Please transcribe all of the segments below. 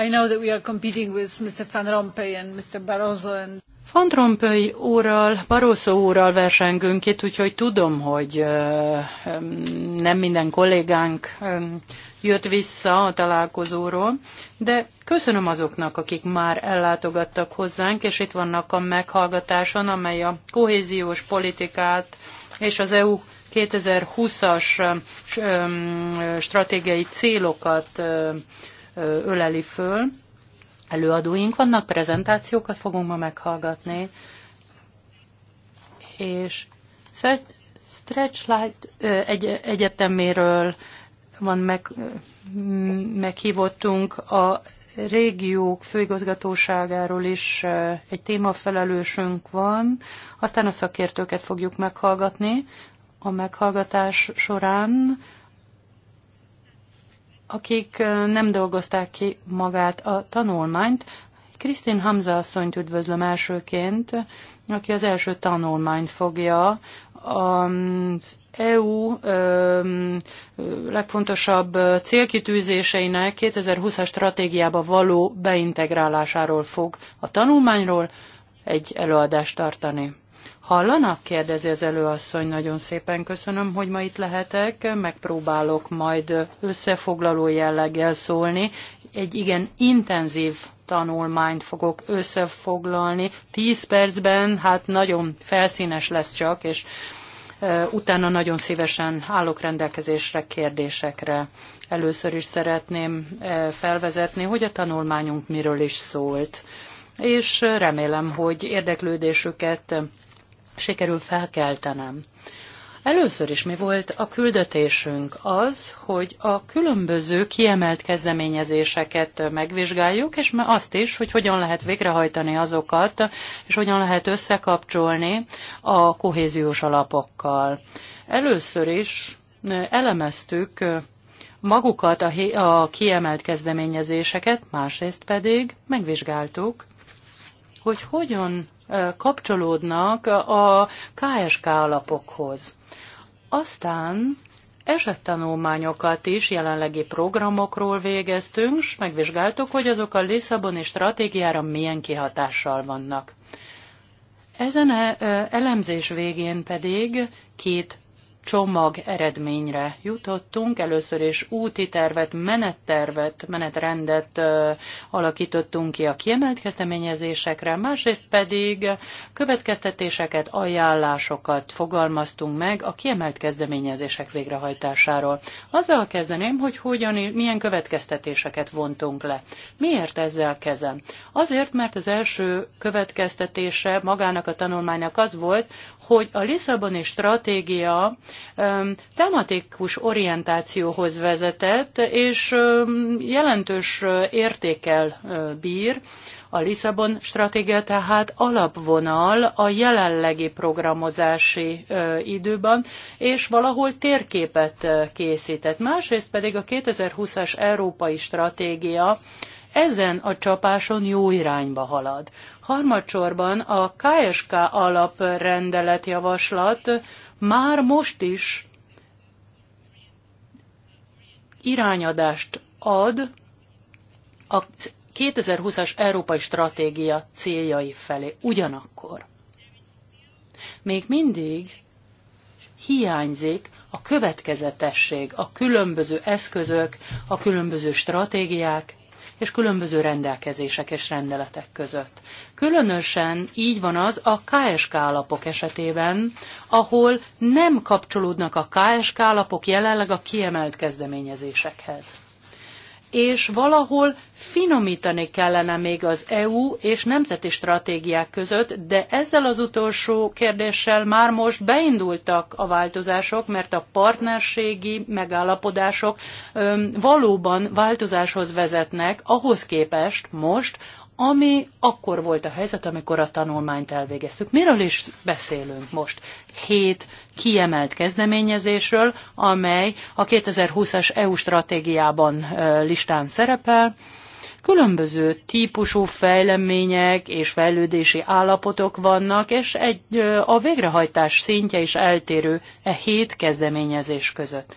Van Rompuy Van Rompuy úrral, Barroso úrral versengünk itt, úgyhogy tudom, hogy nem minden kollégánk jött vissza a találkozóról, de köszönöm azoknak, akik már ellátogattak hozzánk, és itt vannak a meghallgatáson, amely a kohéziós politikát és az EU 2020-as stratégiai célokat öleli föl. Előadóink vannak, prezentációkat fogunk ma meghallgatni, és Stretchlight egy, egyeteméről van meg, meghívottunk a régiók főigazgatóságáról is egy témafelelősünk van, aztán a szakértőket fogjuk meghallgatni a meghallgatás során akik nem dolgozták ki magát a tanulmányt. Krisztin Hamza asszonyt üdvözlöm elsőként, aki az első tanulmányt fogja az EU legfontosabb célkitűzéseinek 2020-as stratégiába való beintegrálásáról fog a tanulmányról egy előadást tartani. Hallanak? kérdezi az előasszony. Nagyon szépen köszönöm, hogy ma itt lehetek. Megpróbálok majd összefoglaló jelleggel szólni. Egy igen intenzív tanulmányt fogok összefoglalni. Tíz percben, hát nagyon felszínes lesz csak, és utána nagyon szívesen állok rendelkezésre kérdésekre. Először is szeretném felvezetni, hogy a tanulmányunk miről is szólt és remélem, hogy érdeklődésüket sikerül felkeltenem. Először is mi volt a küldetésünk? Az, hogy a különböző kiemelt kezdeményezéseket megvizsgáljuk, és azt is, hogy hogyan lehet végrehajtani azokat, és hogyan lehet összekapcsolni a kohéziós alapokkal. Először is elemeztük magukat a, kiemelt kezdeményezéseket, másrészt pedig megvizsgáltuk, hogy hogyan kapcsolódnak a KSK alapokhoz. Aztán esettanulmányokat is jelenlegi programokról végeztünk, és megvizsgáltuk, hogy azok a Lisszaboni stratégiára milyen kihatással vannak. Ezen elemzés végén pedig két csomag eredményre jutottunk. Először is úti tervet, menettervet, menetrendet ö, alakítottunk ki a kiemelt kezdeményezésekre, másrészt pedig következtetéseket, ajánlásokat fogalmaztunk meg a kiemelt kezdeményezések végrehajtásáról. Azzal kezdeném, hogy hogyan, milyen következtetéseket vontunk le. Miért ezzel kezem? Azért, mert az első következtetése magának a tanulmánynak az volt, hogy a Lisszaboni stratégia tematikus orientációhoz vezetett, és jelentős értékkel bír. A Lisszabon stratégia tehát alapvonal a jelenlegi programozási időben, és valahol térképet készített. Másrészt pedig a 2020-as európai stratégia ezen a csapáson jó irányba halad. Harmadsorban a KSK alaprendelet javaslat már most is irányadást ad a 2020-as Európai Stratégia céljai felé. Ugyanakkor még mindig hiányzik a következetesség, a különböző eszközök, a különböző stratégiák és különböző rendelkezések és rendeletek között. Különösen így van az a KSK alapok esetében, ahol nem kapcsolódnak a KSK alapok jelenleg a kiemelt kezdeményezésekhez és valahol finomítani kellene még az EU és nemzeti stratégiák között, de ezzel az utolsó kérdéssel már most beindultak a változások, mert a partnerségi megállapodások öm, valóban változáshoz vezetnek ahhoz képest most, ami akkor volt a helyzet, amikor a tanulmányt elvégeztük. Miről is beszélünk most? Hét kiemelt kezdeményezésről, amely a 2020-as EU stratégiában listán szerepel, különböző típusú fejlemények és fejlődési állapotok vannak, és egy, a végrehajtás szintje is eltérő e hét kezdeményezés között.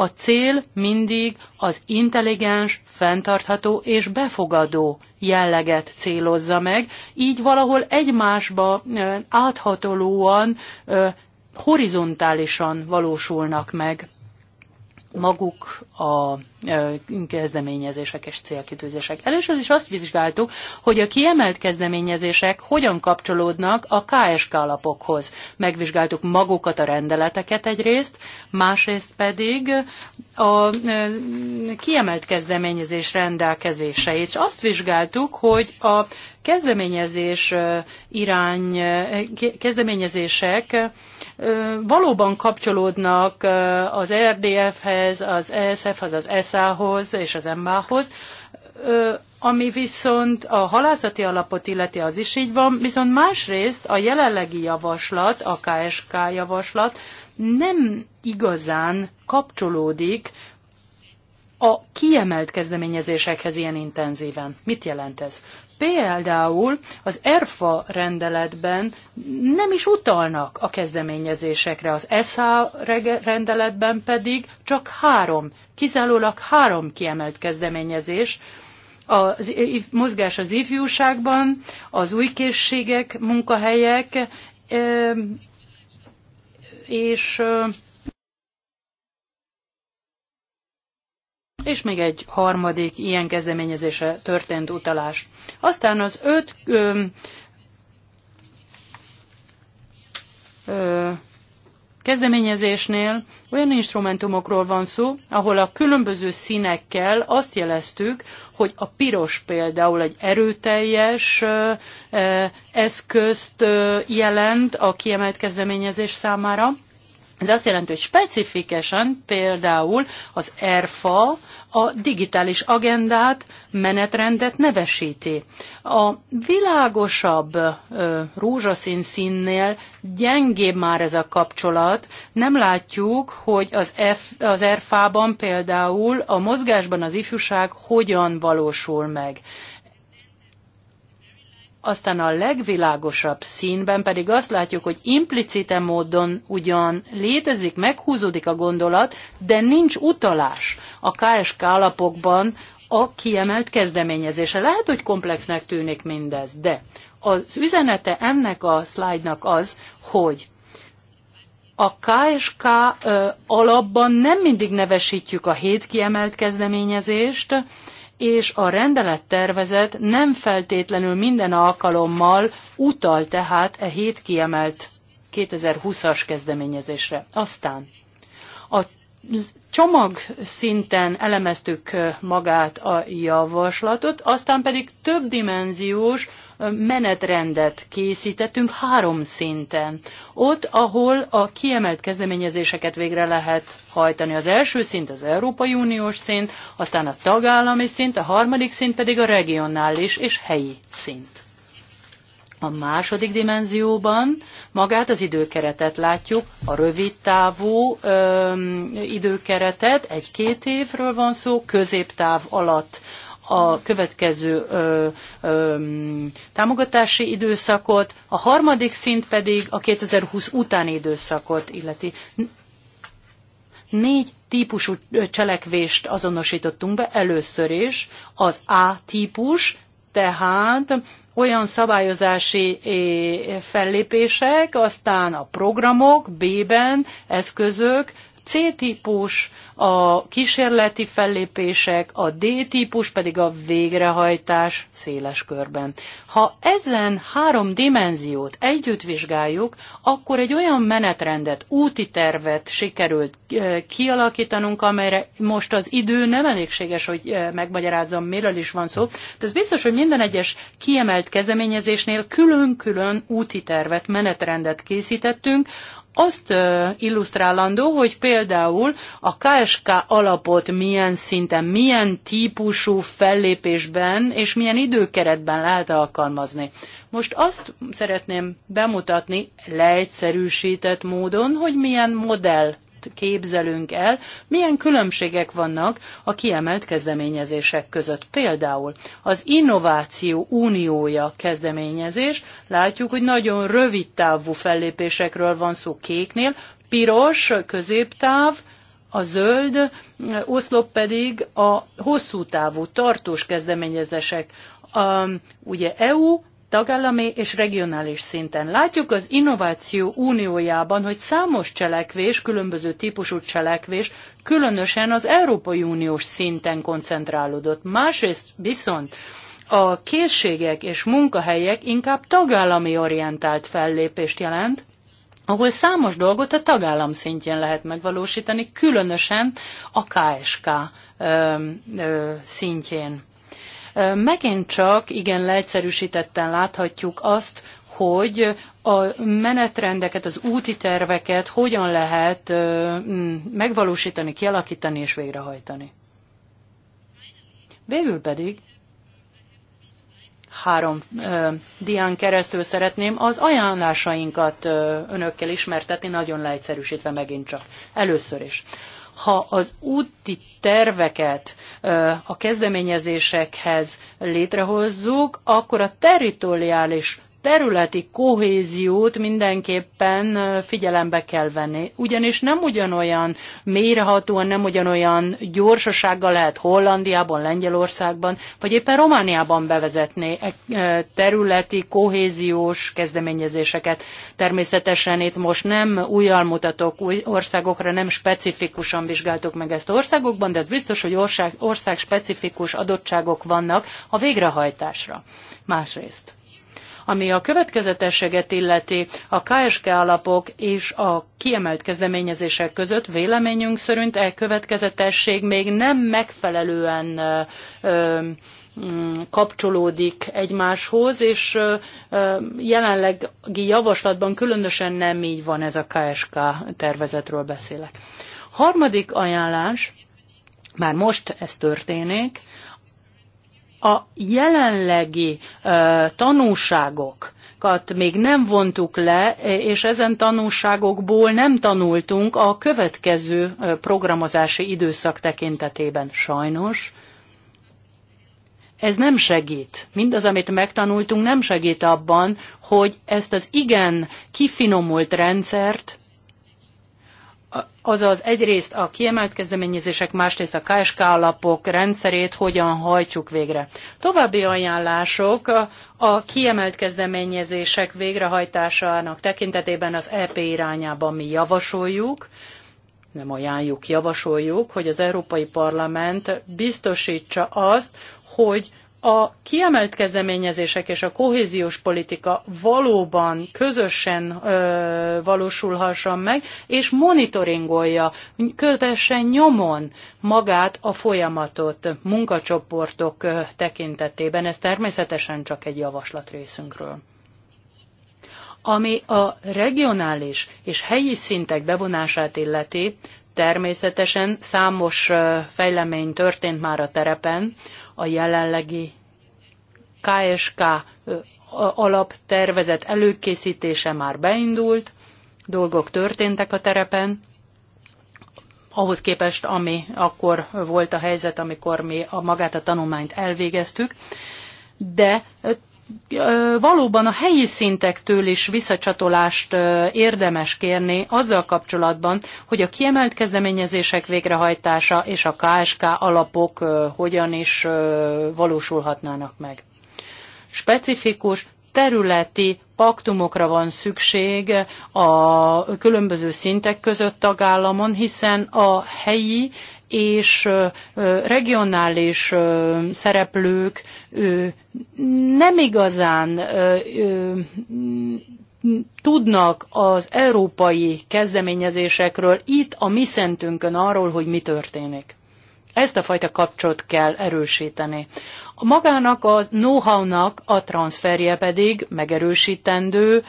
A cél mindig az intelligens, fenntartható és befogadó jelleget célozza meg, így valahol egymásba áthatolóan, horizontálisan valósulnak meg maguk a kezdeményezések és célkitűzések. Először is azt vizsgáltuk, hogy a kiemelt kezdeményezések hogyan kapcsolódnak a KSK alapokhoz. Megvizsgáltuk magukat a rendeleteket egyrészt, másrészt pedig a kiemelt kezdeményezés rendelkezéseit. És azt vizsgáltuk, hogy a kezdeményezés irány, kezdeményezések valóban kapcsolódnak az RDF-hez, az ESZ unicef az ESA-hoz és az EMMA-hoz, ami viszont a halászati alapot illeti, az is így van, viszont másrészt a jelenlegi javaslat, a KSK javaslat nem igazán kapcsolódik a kiemelt kezdeményezésekhez ilyen intenzíven. Mit jelent ez? Például az ERFA rendeletben nem is utalnak a kezdeményezésekre, az ESA rendeletben pedig csak három, kizárólag három kiemelt kezdeményezés, a mozgás az ifjúságban, az új készségek, munkahelyek, és és még egy harmadik ilyen kezdeményezése történt utalás. Aztán az öt ö, ö, kezdeményezésnél olyan instrumentumokról van szó, ahol a különböző színekkel azt jeleztük, hogy a piros például egy erőteljes eszközt jelent a kiemelt kezdeményezés számára, ez azt jelenti, hogy specifikesen, például az ERFA a digitális agendát, menetrendet nevesíti. A világosabb rózsaszín színnél gyengébb már ez a kapcsolat. Nem látjuk, hogy az, F, az ERFA-ban például a mozgásban az ifjúság hogyan valósul meg aztán a legvilágosabb színben pedig azt látjuk, hogy implicite módon ugyan létezik, meghúzódik a gondolat, de nincs utalás a KSK alapokban a kiemelt kezdeményezése. Lehet, hogy komplexnek tűnik mindez, de az üzenete ennek a szlájdnak az, hogy a KSK alapban nem mindig nevesítjük a hét kiemelt kezdeményezést, és a rendelettervezet nem feltétlenül minden alkalommal utal tehát e hét kiemelt 2020-as kezdeményezésre. Aztán a csomag szinten elemeztük magát a javaslatot, aztán pedig több dimenziós menetrendet készítettünk három szinten. Ott, ahol a kiemelt kezdeményezéseket végre lehet hajtani. Az első szint az Európai Uniós szint, aztán a tagállami szint, a harmadik szint pedig a regionális és helyi szint. A második dimenzióban magát az időkeretet látjuk, a rövid távú ö, időkeretet, egy-két évről van szó, középtáv alatt a következő ö, ö, támogatási időszakot, a harmadik szint pedig a 2020 utáni időszakot illeti. Négy típusú cselekvést azonosítottunk be először is. Az A típus tehát olyan szabályozási fellépések, aztán a programok, B-ben, eszközök, C-típus, a kísérleti fellépések, a D-típus pedig a végrehajtás széles körben. Ha ezen három dimenziót együtt vizsgáljuk, akkor egy olyan menetrendet, úti tervet sikerült eh, kialakítanunk, amelyre most az idő nem elégséges, hogy eh, megmagyarázzam, miről is van szó. De ez biztos, hogy minden egyes kiemelt kezdeményezésnél külön-külön úti tervet, menetrendet készítettünk, azt illusztrálandó, hogy például a KSK alapot milyen szinten, milyen típusú fellépésben és milyen időkeretben lehet alkalmazni. Most azt szeretném bemutatni leegyszerűsített módon, hogy milyen modell képzelünk el, milyen különbségek vannak a kiemelt kezdeményezések között. Például az Innováció Uniója kezdeményezés, látjuk, hogy nagyon rövid távú fellépésekről van szó kéknél, piros, középtáv, a zöld oszlop pedig a hosszú távú tartós kezdeményezések. A, ugye EU, tagállami és regionális szinten. Látjuk az Innováció Uniójában, hogy számos cselekvés, különböző típusú cselekvés, különösen az Európai Uniós szinten koncentrálódott. Másrészt viszont a készségek és munkahelyek inkább tagállami orientált fellépést jelent, ahol számos dolgot a tagállam szintjén lehet megvalósítani, különösen a KSK ö, ö, szintjén. Megint csak igen leegyszerűsítetten láthatjuk azt, hogy a menetrendeket, az úti terveket hogyan lehet megvalósítani, kialakítani és végrehajtani. Végül pedig három ö, dián keresztül szeretném az ajánlásainkat ö, önökkel ismertetni, nagyon leegyszerűsítve megint csak. Először is ha az úti terveket a kezdeményezésekhez létrehozzuk, akkor a territoriális területi kohéziót mindenképpen figyelembe kell venni. Ugyanis nem ugyanolyan mérhatóan, nem ugyanolyan gyorsasággal lehet Hollandiában, Lengyelországban, vagy éppen Romániában bevezetni e, területi kohéziós kezdeményezéseket. Természetesen itt most nem újjal mutatok új országokra, nem specifikusan vizsgáltuk meg ezt országokban, de ez biztos, hogy ország, ország specifikus adottságok vannak a végrehajtásra. Másrészt ami a következetességet illeti, a KSK alapok és a kiemelt kezdeményezések között véleményünk szerint e következetesség még nem megfelelően ö, mm, kapcsolódik egymáshoz, és jelenlegi javaslatban különösen nem így van ez a KSK tervezetről beszélek. Harmadik ajánlás, már most ez történik, a jelenlegi uh, tanúságok, még nem vontuk le, és ezen tanulságokból nem tanultunk a következő programozási időszak tekintetében. Sajnos ez nem segít. Mindaz, amit megtanultunk, nem segít abban, hogy ezt az igen kifinomult rendszert azaz egyrészt a kiemelt kezdeményezések, másrészt a KSK alapok rendszerét hogyan hajtsuk végre. További ajánlások a kiemelt kezdeményezések végrehajtásának tekintetében az EP irányában mi javasoljuk, nem ajánljuk, javasoljuk, hogy az Európai Parlament biztosítsa azt, hogy a kiemelt kezdeményezések és a kohéziós politika valóban közösen ö, valósulhasson meg, és monitoringolja, kövessen nyomon magát a folyamatot munkacsoportok tekintetében. Ez természetesen csak egy javaslat részünkről ami a regionális és helyi szintek bevonását illeti, Természetesen számos fejlemény történt már a terepen, a jelenlegi KSK alaptervezet előkészítése már beindult, dolgok történtek a terepen, ahhoz képest, ami akkor volt a helyzet, amikor mi a magát a tanulmányt elvégeztük, de valóban a helyi szintektől is visszacsatolást érdemes kérni azzal kapcsolatban, hogy a kiemelt kezdeményezések végrehajtása és a KSK alapok hogyan is valósulhatnának meg. Specifikus területi paktumokra van szükség a különböző szintek között tagállamon, hiszen a helyi és regionális szereplők nem igazán tudnak az európai kezdeményezésekről itt a mi szentünkön arról, hogy mi történik. Ezt a fajta kapcsot kell erősíteni. A magának a know-how-nak a transferje pedig megerősítendő,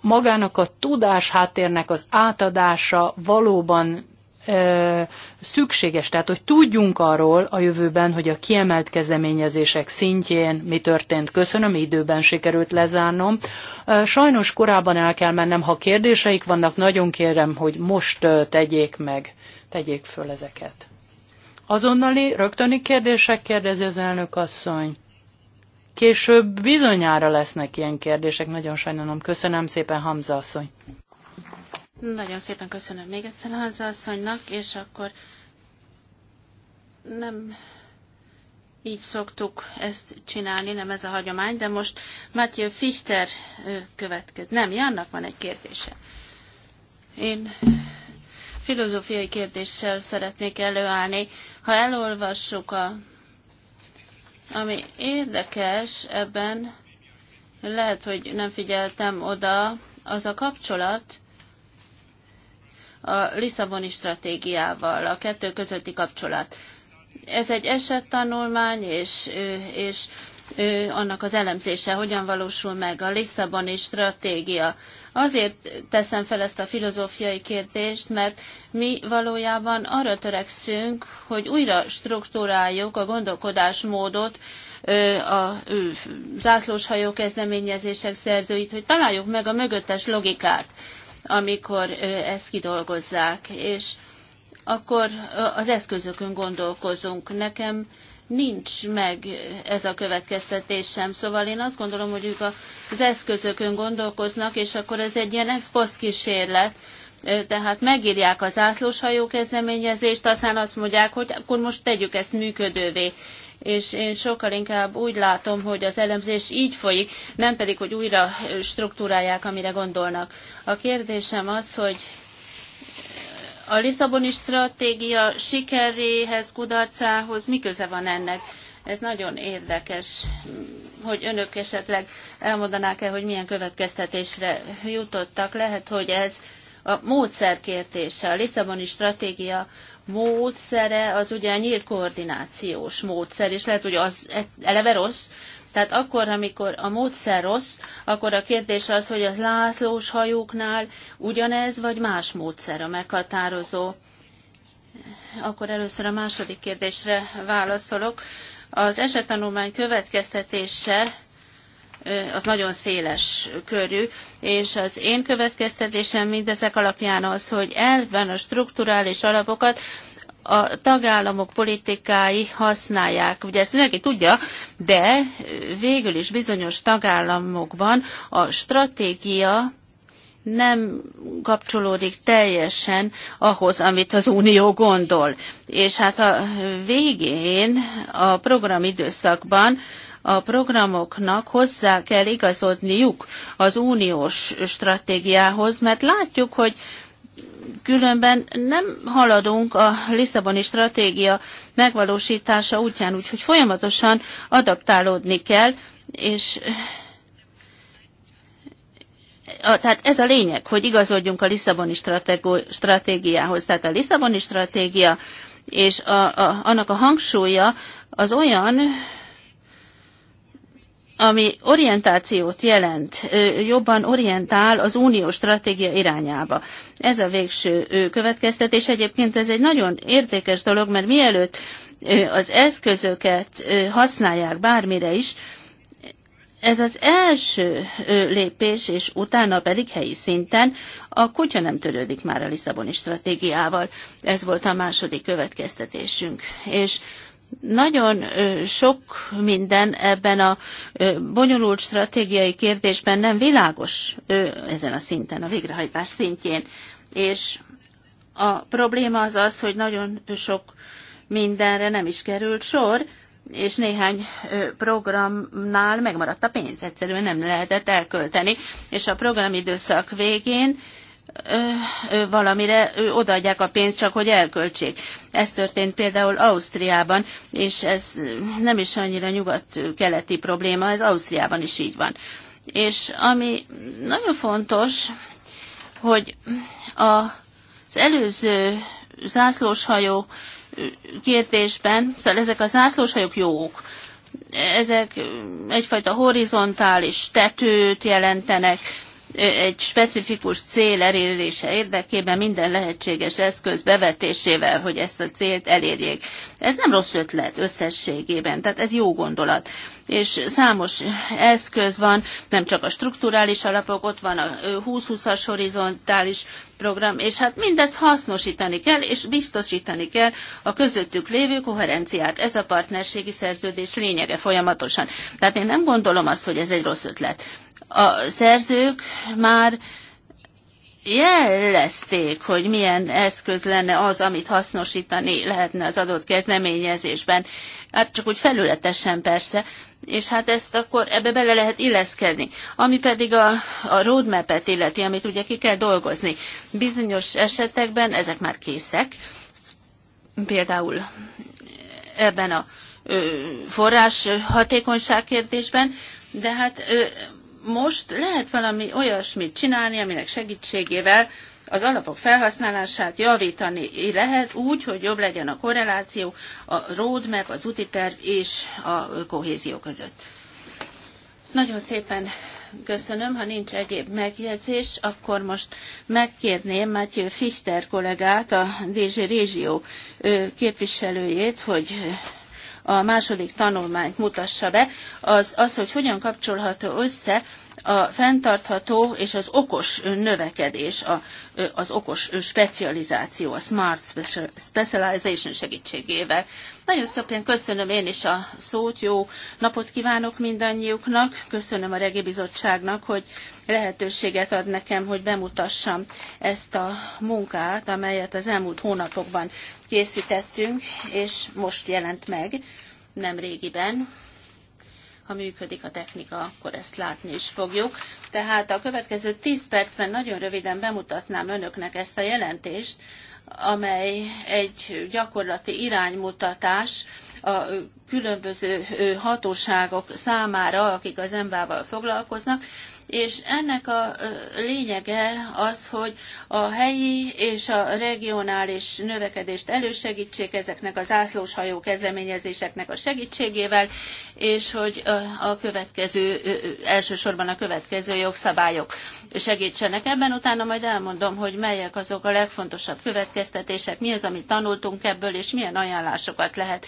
magának a tudás háttérnek az átadása valóban e, szükséges, tehát hogy tudjunk arról a jövőben, hogy a kiemelt kezdeményezések szintjén mi történt. Köszönöm, időben sikerült lezárnom. E, sajnos korábban el kell mennem, ha kérdéseik vannak, nagyon kérem, hogy most tegyék meg, tegyék föl ezeket. Azonnali, rögtöni kérdések kérdezi az elnök asszony. Később bizonyára lesznek ilyen kérdések, nagyon sajnálom. Köszönöm szépen, Hamza asszony. Nagyon szépen köszönöm még egyszer Hamza asszonynak, és akkor nem így szoktuk ezt csinálni, nem ez a hagyomány, de most Matthew Fichter következik. Nem, Jannak van egy kérdése. Én filozófiai kérdéssel szeretnék előállni. Ha elolvassuk a ami érdekes ebben, lehet, hogy nem figyeltem oda, az a kapcsolat a Lisszaboni stratégiával, a kettő közötti kapcsolat. Ez egy esettanulmány, és, és annak az elemzése hogyan valósul meg a Lisszaboni stratégia. Azért teszem fel ezt a filozófiai kérdést, mert mi valójában arra törekszünk, hogy újra struktúráljuk a gondolkodásmódot, a zászlóshajó kezdeményezések szerzőit, hogy találjuk meg a mögöttes logikát, amikor ezt kidolgozzák, és akkor az eszközökön gondolkozunk. Nekem nincs meg ez a következtetés sem. Szóval én azt gondolom, hogy ők az eszközökön gondolkoznak, és akkor ez egy ilyen ex kísérlet, tehát megírják az zászlóshajó kezdeményezést, aztán azt mondják, hogy akkor most tegyük ezt működővé. És én sokkal inkább úgy látom, hogy az elemzés így folyik, nem pedig, hogy újra struktúrálják, amire gondolnak. A kérdésem az, hogy a Lisszaboni stratégia sikeréhez, kudarcához mi köze van ennek? Ez nagyon érdekes, hogy önök esetleg elmondanák-e, hogy milyen következtetésre jutottak. Lehet, hogy ez a módszer kérdése, a Lisszaboni stratégia módszere az ugye a nyílt koordinációs módszer, és lehet, hogy az eleve rossz, tehát akkor, amikor a módszer rossz, akkor a kérdés az, hogy az lászlós hajóknál ugyanez, vagy más módszer a meghatározó. Akkor először a második kérdésre válaszolok. Az esettanulmány következtetése az nagyon széles körű, és az én következtetésem mindezek alapján az, hogy elven a strukturális alapokat a tagállamok politikái használják. Ugye ezt mindenki tudja, de végül is bizonyos tagállamokban a stratégia nem kapcsolódik teljesen ahhoz, amit az Unió gondol. És hát a végén, a programidőszakban a programoknak hozzá kell igazodniuk az uniós stratégiához, mert látjuk, hogy különben nem haladunk a Lisszaboni stratégia megvalósítása útján, úgyhogy folyamatosan adaptálódni kell, és a, tehát ez a lényeg, hogy igazodjunk a Lisszaboni stratégiához. Tehát a Lisszaboni stratégia és a, a, annak a hangsúlya az olyan, ami orientációt jelent, jobban orientál az unió stratégia irányába. Ez a végső következtetés. Egyébként ez egy nagyon értékes dolog, mert mielőtt az eszközöket használják bármire is, ez az első lépés, és utána pedig helyi szinten a kutya nem törődik már a Lisszaboni stratégiával. Ez volt a második következtetésünk. És nagyon sok minden ebben a bonyolult stratégiai kérdésben nem világos ezen a szinten, a végrehajtás szintjén. És a probléma az az, hogy nagyon sok mindenre nem is került sor, és néhány programnál megmaradt a pénz, egyszerűen nem lehetett elkölteni, és a programidőszak végén valamire odaadják a pénzt, csak hogy elköltsék. Ez történt például Ausztriában, és ez nem is annyira nyugat-keleti probléma, ez Ausztriában is így van. És ami nagyon fontos, hogy az előző zászlóshajó kérdésben, szóval ezek a zászlóshajók jók, ezek egyfajta horizontális tetőt jelentenek, egy specifikus cél elérése érdekében minden lehetséges eszköz bevetésével, hogy ezt a célt elérjék. Ez nem rossz ötlet összességében, tehát ez jó gondolat. És számos eszköz van, nem csak a strukturális alapok, ott van a 20-20-as horizontális program, és hát mindezt hasznosítani kell, és biztosítani kell a közöttük lévő koherenciát. Ez a partnerségi szerződés lényege folyamatosan. Tehát én nem gondolom azt, hogy ez egy rossz ötlet a szerzők már jellezték, hogy milyen eszköz lenne az, amit hasznosítani lehetne az adott kezdeményezésben. Hát csak úgy felületesen persze, és hát ezt akkor ebbe bele lehet illeszkedni. Ami pedig a, a roadmap-et illeti, amit ugye ki kell dolgozni. Bizonyos esetekben ezek már készek, például ebben a forrás hatékonyság kérdésben, de hát most lehet valami olyasmit csinálni, aminek segítségével az alapok felhasználását javítani lehet úgy, hogy jobb legyen a korreláció a roadmap, az úti terv és a kohézió között. Nagyon szépen köszönöm. Ha nincs egyéb megjegyzés, akkor most megkérném Matthew Fichter kollégát, a DG Régió képviselőjét, hogy a második tanulmányt mutassa be, az az, hogy hogyan kapcsolható össze a fenntartható és az okos növekedés, a, az okos specializáció, a smart specialization segítségével. Nagyon szépen köszönöm én is a szót, jó napot kívánok mindannyiuknak, köszönöm a Regi Bizottságnak, hogy lehetőséget ad nekem, hogy bemutassam ezt a munkát, amelyet az elmúlt hónapokban készítettünk, és most jelent meg, nem régiben. Ha működik a technika, akkor ezt látni is fogjuk. Tehát a következő 10 percben nagyon röviden bemutatnám önöknek ezt a jelentést, amely egy gyakorlati iránymutatás, a különböző hatóságok számára, akik az embervel foglalkoznak, és ennek a lényege az, hogy a helyi és a regionális növekedést elősegítsék ezeknek az zászlóshajó kezdeményezéseknek a segítségével, és hogy a következő, elsősorban a következő jogszabályok segítsenek ebben. Utána majd elmondom, hogy melyek azok a legfontosabb következtetések, mi az, amit tanultunk ebből, és milyen ajánlásokat lehet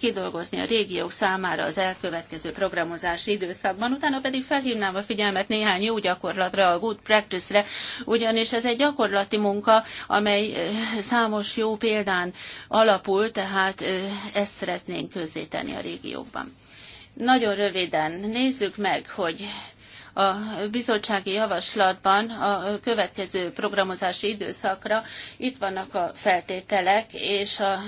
kidolgozni a régiók számára az elkövetkező programozási időszakban. Utána pedig felhívnám a figyelmet néhány jó gyakorlatra, a good practice-re, ugyanis ez egy gyakorlati munka, amely eh, számos jó példán alapul, tehát eh, ezt szeretnénk közzétenni a régiókban. Nagyon röviden nézzük meg, hogy a bizottsági javaslatban a következő programozási időszakra. Itt vannak a feltételek, és a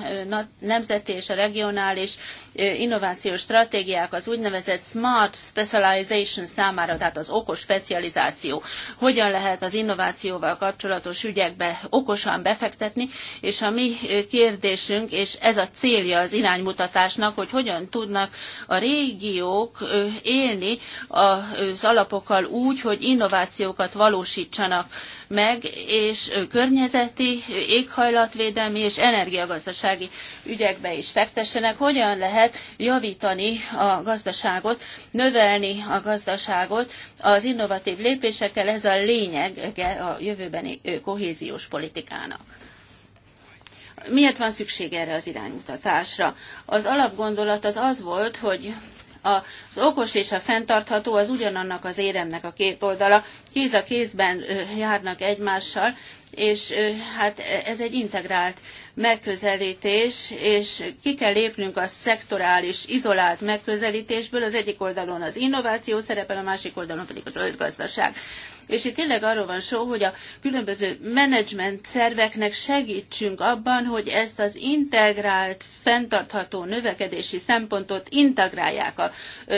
nemzeti és a regionális innovációs stratégiák az úgynevezett smart specialization számára, tehát az okos specializáció. Hogyan lehet az innovációval kapcsolatos ügyekbe okosan befektetni, és a mi kérdésünk, és ez a célja az iránymutatásnak, hogy hogyan tudnak a régiók élni az alapok alapokkal úgy, hogy innovációkat valósítsanak meg, és környezeti, éghajlatvédelmi és energiagazdasági ügyekbe is fektessenek. Hogyan lehet javítani a gazdaságot, növelni a gazdaságot az innovatív lépésekkel, ez a lényege a jövőbeni kohéziós politikának miért van szükség erre az iránymutatásra? Az alapgondolat az az volt, hogy az okos és a fenntartható az ugyanannak az éremnek a két oldala, kéz a kézben járnak egymással, és hát e, ez egy integrált megközelítés, és ki kell lépnünk a szektorális, izolált megközelítésből, az egyik oldalon az innováció szerepel, a másik oldalon pedig az zöld És itt tényleg arról van szó, hogy a különböző menedzsment szerveknek segítsünk abban, hogy ezt az integrált, fenntartható növekedési szempontot integrálják a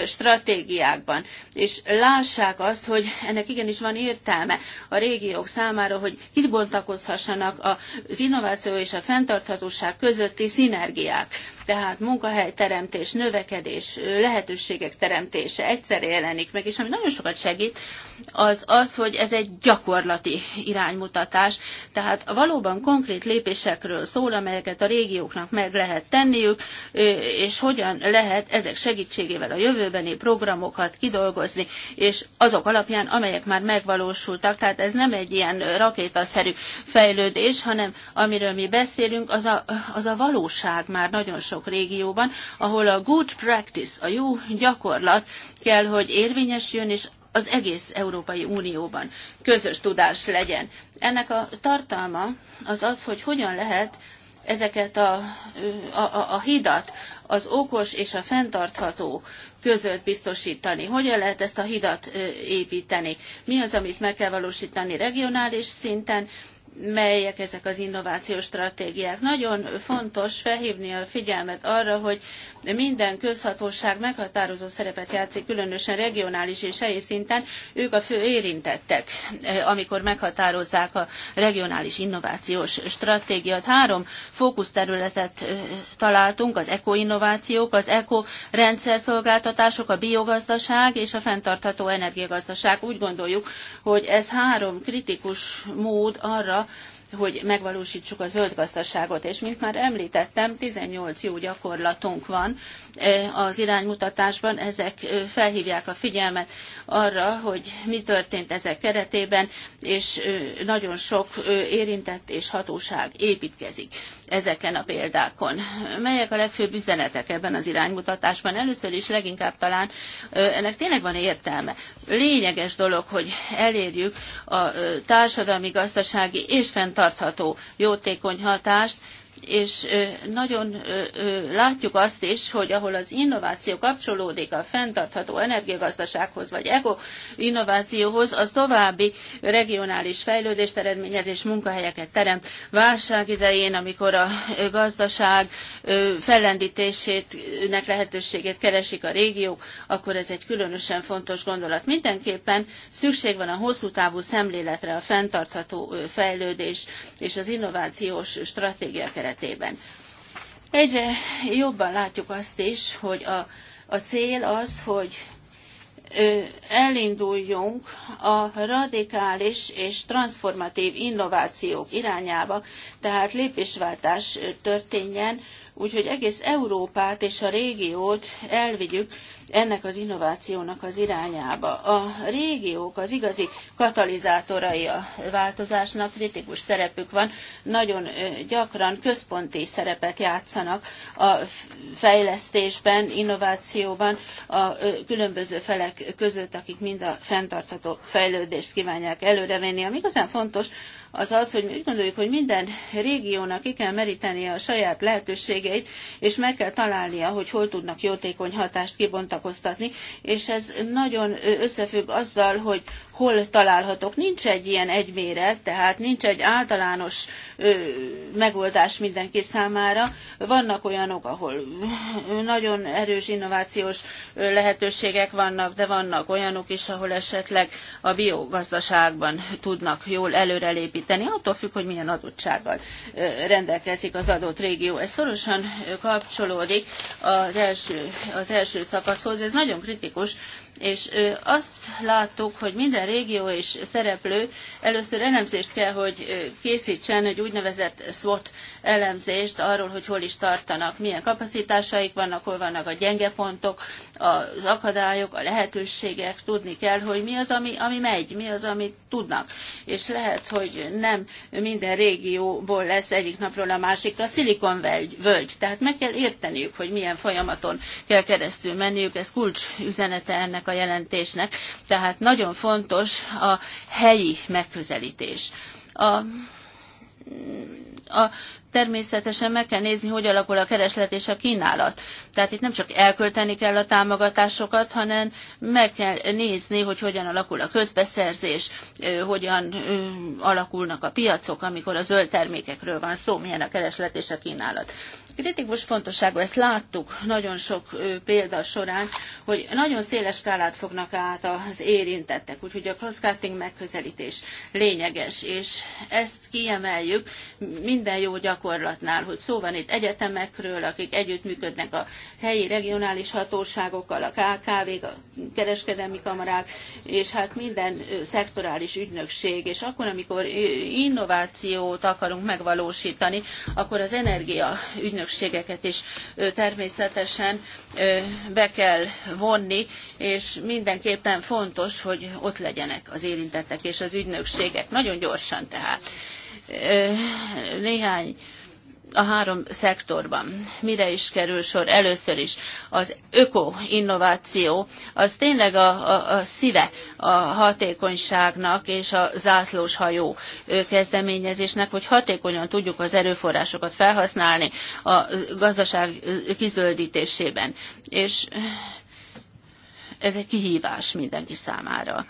stratégiákban, és lássák azt, hogy ennek igenis van értelme a régiók számára, hogy kibon kibontakozhassanak az innováció és a fenntarthatóság közötti szinergiák tehát munkahelyteremtés, növekedés, lehetőségek teremtése egyszerre jelenik meg, és ami nagyon sokat segít, az az, hogy ez egy gyakorlati iránymutatás, tehát valóban konkrét lépésekről szól, amelyeket a régióknak meg lehet tenniük, és hogyan lehet ezek segítségével a jövőbeni programokat kidolgozni, és azok alapján, amelyek már megvalósultak, tehát ez nem egy ilyen rakétaszerű fejlődés, hanem amiről mi beszélünk, az a, az a valóság már nagyon sok sok régióban, ahol a good practice, a jó gyakorlat kell, hogy érvényesüljön, és az egész Európai Unióban közös tudás legyen. Ennek a tartalma az az, hogy hogyan lehet ezeket a, a, a, a hidat az okos és a fenntartható között biztosítani? Hogyan lehet ezt a hidat építeni? Mi az, amit meg kell valósítani regionális szinten, melyek ezek az innovációs stratégiák. Nagyon fontos felhívni a figyelmet arra, hogy minden közhatóság meghatározó szerepet játszik, különösen regionális és helyi szinten. Ők a fő érintettek, amikor meghatározzák a regionális innovációs stratégiát. Három fókuszterületet találtunk, az ekoinnovációk, az eko szolgáltatások, a biogazdaság és a fenntartható energiagazdaság. Úgy gondoljuk, hogy ez három kritikus mód arra, hogy megvalósítsuk a zöld gazdaságot, és mint már említettem, 18 jó gyakorlatunk van eh, az iránymutatásban, ezek eh, felhívják a figyelmet arra, hogy mi történt ezek keretében, és eh, nagyon sok érintett és hatóság építkezik ezeken a példákon. Melyek a legfőbb üzenetek ebben az iránymutatásban? Először is leginkább talán ennek tényleg van értelme. Lényeges dolog, hogy elérjük a társadalmi, gazdasági és fenntartható jótékony hatást, és nagyon látjuk azt is, hogy ahol az innováció kapcsolódik a fenntartható energiagazdasághoz, vagy eko-innovációhoz, az további regionális fejlődést eredményez és munkahelyeket teremt. Válság idején, amikor a gazdaság fellendítésének lehetőségét keresik a régiók, akkor ez egy különösen fontos gondolat. Mindenképpen szükség van a hosszú távú szemléletre, a fenntartható fejlődés és az innovációs stratégia keretében esetében. Egyre jobban látjuk azt is, hogy a, a cél az, hogy elinduljunk a radikális és transformatív innovációk irányába, tehát lépésváltás történjen Úgyhogy egész Európát és a régiót elvigyük ennek az innovációnak az irányába. A régiók az igazi katalizátorai a változásnak, kritikus szerepük van, nagyon gyakran központi szerepet játszanak a fejlesztésben, innovációban a különböző felek között, akik mind a fenntartható fejlődést kívánják előrevenni. Ami igazán fontos, az az, hogy mi úgy gondoljuk, hogy minden régiónak ki kell merítenie a saját lehetőségeit, és meg kell találnia, hogy hol tudnak jótékony hatást kibontakoztatni, és ez nagyon összefügg azzal, hogy hol találhatok? Nincs egy ilyen egyméret, tehát nincs egy általános ö, megoldás mindenki számára. Vannak olyanok, ahol nagyon erős innovációs lehetőségek vannak, de vannak olyanok is, ahol esetleg a biogazdaságban tudnak jól előrelépíteni, attól függ, hogy milyen adottsággal rendelkezik az adott régió. Ez szorosan kapcsolódik az első, az első szakaszhoz. Ez nagyon kritikus, és azt láttuk, hogy minden régió és szereplő először elemzést kell, hogy készítsen egy úgynevezett SWOT elemzést arról, hogy hol is tartanak, milyen kapacitásaik vannak, hol vannak a gyenge pontok, az akadályok, a lehetőségek, tudni kell, hogy mi az, ami, ami megy, mi az, amit tudnak. És lehet, hogy nem minden régióból lesz egyik napról a másikra szilikon völgy. Tehát meg kell érteniük, hogy milyen folyamaton kell keresztül menniük, ez kulcsüzenete ennek a jelentésnek, tehát nagyon fontos a helyi megközelítés. A a, természetesen meg kell nézni, hogy alakul a kereslet és a kínálat. Tehát itt nem csak elkölteni kell a támogatásokat, hanem meg kell nézni, hogy hogyan alakul a közbeszerzés, hogyan alakulnak a piacok, amikor a zöld termékekről van szó, milyen a kereslet és a kínálat. Kritikus fontosságú, ezt láttuk nagyon sok példa során, hogy nagyon széles skálát fognak át az érintettek, úgyhogy a cross-cutting megközelítés lényeges, és ezt kiemeljük minden jó gyakorlatnál, hogy szó van itt egyetemekről, akik együttműködnek a helyi regionális hatóságokkal, a KKV, a kereskedelmi kamarák, és hát minden szektorális ügynökség, és akkor, amikor innovációt akarunk megvalósítani, akkor az energia ügynökség ügynökségeket is természetesen be kell vonni, és mindenképpen fontos, hogy ott legyenek az érintettek és az ügynökségek. Nagyon gyorsan tehát. Néhány a három szektorban. Mire is kerül sor? Először is az öko-innováció, az tényleg a, a, a szíve a hatékonyságnak és a zászlós hajó kezdeményezésnek, hogy hatékonyan tudjuk az erőforrásokat felhasználni a gazdaság kizöldítésében. És ez egy kihívás mindenki számára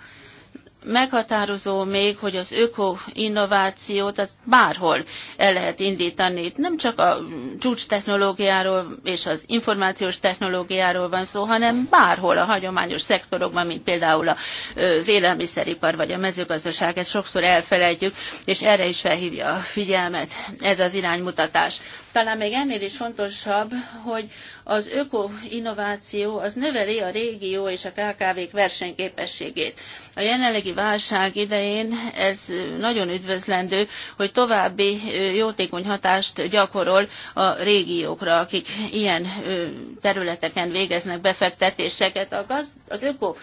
meghatározó még, hogy az öko-innovációt az bárhol el lehet indítani. Itt nem csak a csúcs technológiáról és az információs technológiáról van szó, hanem bárhol a hagyományos szektorokban, mint például az élelmiszeripar vagy a mezőgazdaság, ezt sokszor elfelejtjük, és erre is felhívja a figyelmet ez az iránymutatás. Talán még ennél is fontosabb, hogy az öko-innováció az növeli a régió és a KKV-k versenyképességét. A jelenlegi gazdasági válság idején ez nagyon üdvözlendő, hogy további jótékony hatást gyakorol a régiókra, akik ilyen területeken végeznek befektetéseket. Az öko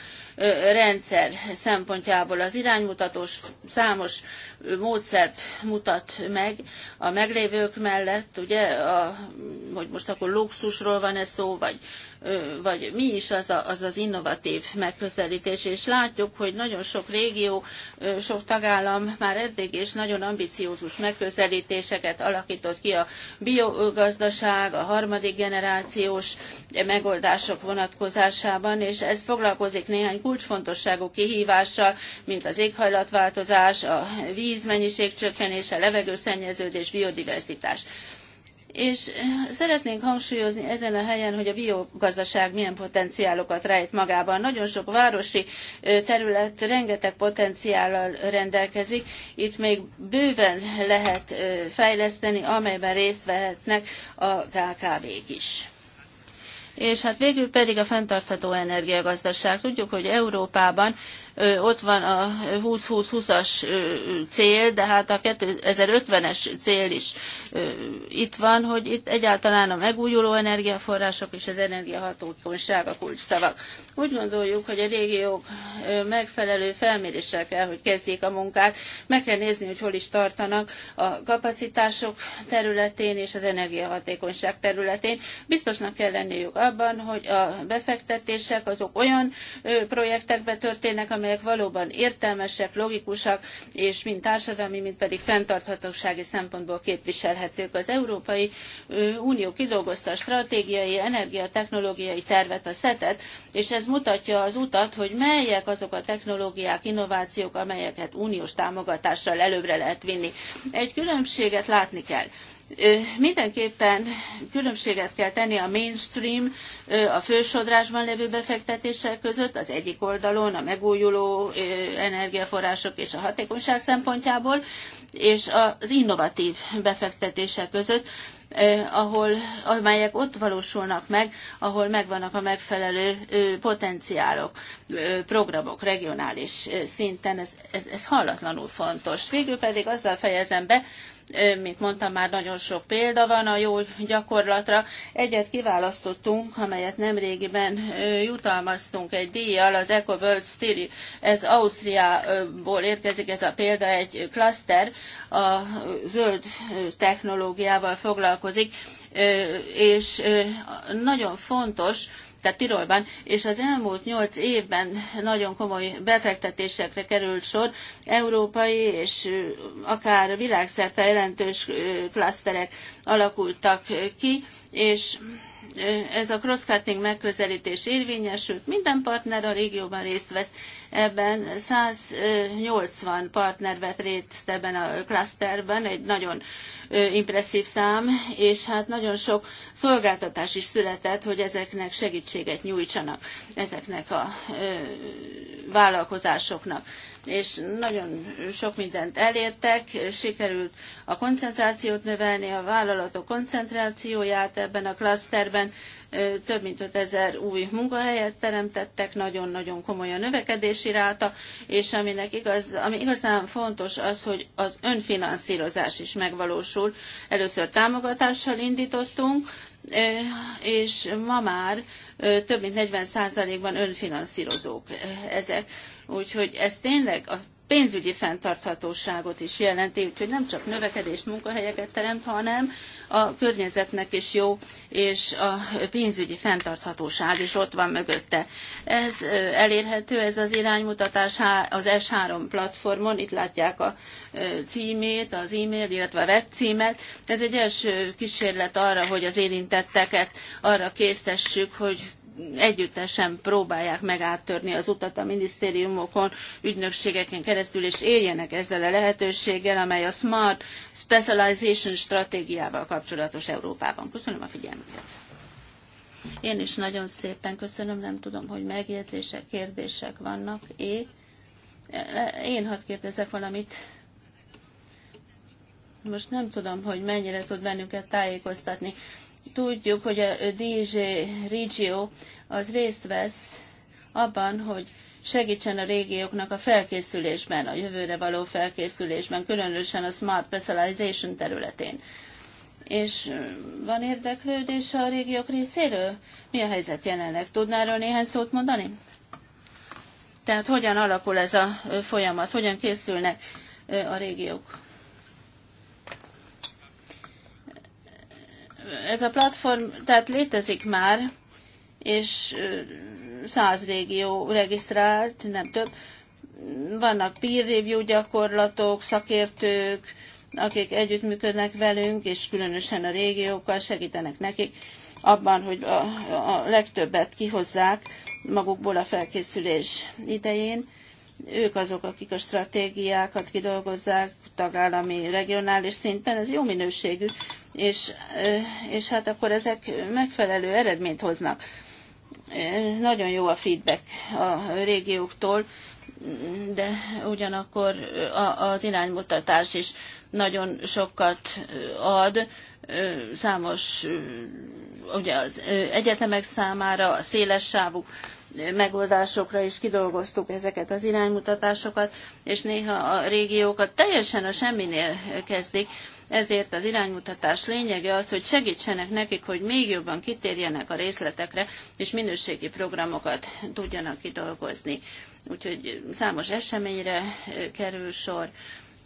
rendszer szempontjából az iránymutatós számos módszert mutat meg a meglévők mellett, ugye, a, hogy most akkor luxusról van-e szó, vagy, vagy mi is az, a, az az innovatív megközelítés, és látjuk, hogy nagyon sok régió, sok tagállam már eddig is nagyon ambiciózus megközelítéseket alakított ki a biogazdaság, a harmadik generációs megoldások vonatkozásában, és ez foglalkozik néhány kulcsfontosságú kihívással, mint az éghajlatváltozás, a vízmennyiség csökkenése, levegőszennyeződés, biodiverzitás. És eh, szeretnénk hangsúlyozni ezen a helyen, hogy a biogazdaság milyen potenciálokat rejt magában. Nagyon sok városi eh, terület rengeteg potenciállal rendelkezik. Itt még bőven lehet eh, fejleszteni, amelyben részt vehetnek a KKV-k is és hát végül pedig a fenntartható energiagazdaság. Tudjuk, hogy Európában ott van a 20-20-20-as cél, de hát a 2050-es cél is itt van, hogy itt egyáltalán a megújuló energiaforrások és az energiahatókonyság a szavak. Úgy gondoljuk, hogy a régiók megfelelő felméréssel kell, hogy kezdjék a munkát. Meg kell nézni, hogy hol is tartanak a kapacitások területén és az energiahatékonyság területén. Biztosnak kell lenniük abban, hogy a befektetések azok olyan projektekbe történnek, amely amelyek valóban értelmesek, logikusak, és mind társadalmi, mind pedig fenntarthatósági szempontból képviselhetők. Az Európai Unió kidolgozta a stratégiai energiatechnológiai tervet, a szetet, és ez mutatja az utat, hogy melyek azok a technológiák, innovációk, amelyeket uniós támogatással előbbre lehet vinni. Egy különbséget látni kell. Mindenképpen különbséget kell tenni a mainstream, a fősodrásban levő befektetések között, az egyik oldalon a megújuló energiaforrások és a hatékonyság szempontjából, és az innovatív befektetések között, ahol, amelyek ott valósulnak meg, ahol megvannak a megfelelő potenciálok, programok regionális szinten. Ez, ez, ez hallatlanul fontos. Végül pedig azzal fejezem be, mint mondtam, már nagyon sok példa van a jó gyakorlatra. Egyet kiválasztottunk, amelyet nemrégiben jutalmaztunk egy díjjal, az EcoWorld Steel, ez Ausztriából érkezik ez a példa, egy klaszter, a zöld technológiával foglalkozik, és nagyon fontos, tehát Tirolban, és az elmúlt nyolc évben nagyon komoly befektetésekre került sor, európai és akár világszerte jelentős klaszterek alakultak ki, és ez a cross-cutting megközelítés érvényesült, Minden partner a régióban részt vesz ebben. 180 partner vett részt ebben a klaszterben, egy nagyon impresszív szám, és hát nagyon sok szolgáltatás is született, hogy ezeknek segítséget nyújtsanak, ezeknek a vállalkozásoknak és nagyon sok mindent elértek, sikerült a koncentrációt növelni, a vállalatok koncentrációját ebben a klaszterben, több mint 5000 új munkahelyet teremtettek, nagyon-nagyon komoly a növekedési ráta, és aminek igaz, ami igazán fontos az, hogy az önfinanszírozás is megvalósul. Először támogatással indítottunk, és ma már több mint 40%-ban önfinanszírozók ezek. Úgyhogy ez tényleg a pénzügyi fenntarthatóságot is jelenti, úgyhogy nem csak növekedést, munkahelyeket teremt, hanem a környezetnek is jó, és a pénzügyi fenntarthatóság is ott van mögötte. Ez elérhető, ez az iránymutatás az S3 platformon, itt látják a címét, az e-mail, illetve a webcímet. Ez egy első kísérlet arra, hogy az érintetteket arra késztessük, hogy együttesen próbálják meg áttörni az utat a minisztériumokon, ügynökségeken keresztül, és éljenek ezzel a lehetőséggel, amely a Smart Specialization stratégiával kapcsolatos Európában. Köszönöm a figyelmüket! Én is nagyon szépen köszönöm, nem tudom, hogy megjegyzések, kérdések vannak. É, én hadd kérdezek valamit. Most nem tudom, hogy mennyire tud bennünket tájékoztatni Tudjuk, hogy a DJ Regio az részt vesz abban, hogy segítsen a régióknak a felkészülésben, a jövőre való felkészülésben, különösen a Smart Specialization területén. És van érdeklődés a régiók részéről? Mi a helyzet jelenleg? Tudná erről néhány szót mondani? Tehát hogyan alakul ez a folyamat? Hogyan készülnek a régiók? ez a platform, tehát létezik már, és száz régió regisztrált, nem több. Vannak peer review gyakorlatok, szakértők, akik együttműködnek velünk, és különösen a régiókkal segítenek nekik abban, hogy a, a legtöbbet kihozzák magukból a felkészülés idején. Ők azok, akik a stratégiákat kidolgozzák tagállami, regionális szinten. Ez jó minőségű és, és hát akkor ezek megfelelő eredményt hoznak. Nagyon jó a feedback a régióktól, de ugyanakkor az iránymutatás is nagyon sokat ad, számos ugye az egyetemek számára, a széles sávú megoldásokra is kidolgoztuk ezeket az iránymutatásokat, és néha a régiókat teljesen a semminél kezdik, ezért az iránymutatás lényege az, hogy segítsenek nekik, hogy még jobban kitérjenek a részletekre, és minőségi programokat tudjanak kidolgozni. Úgyhogy számos eseményre eh, kerül sor,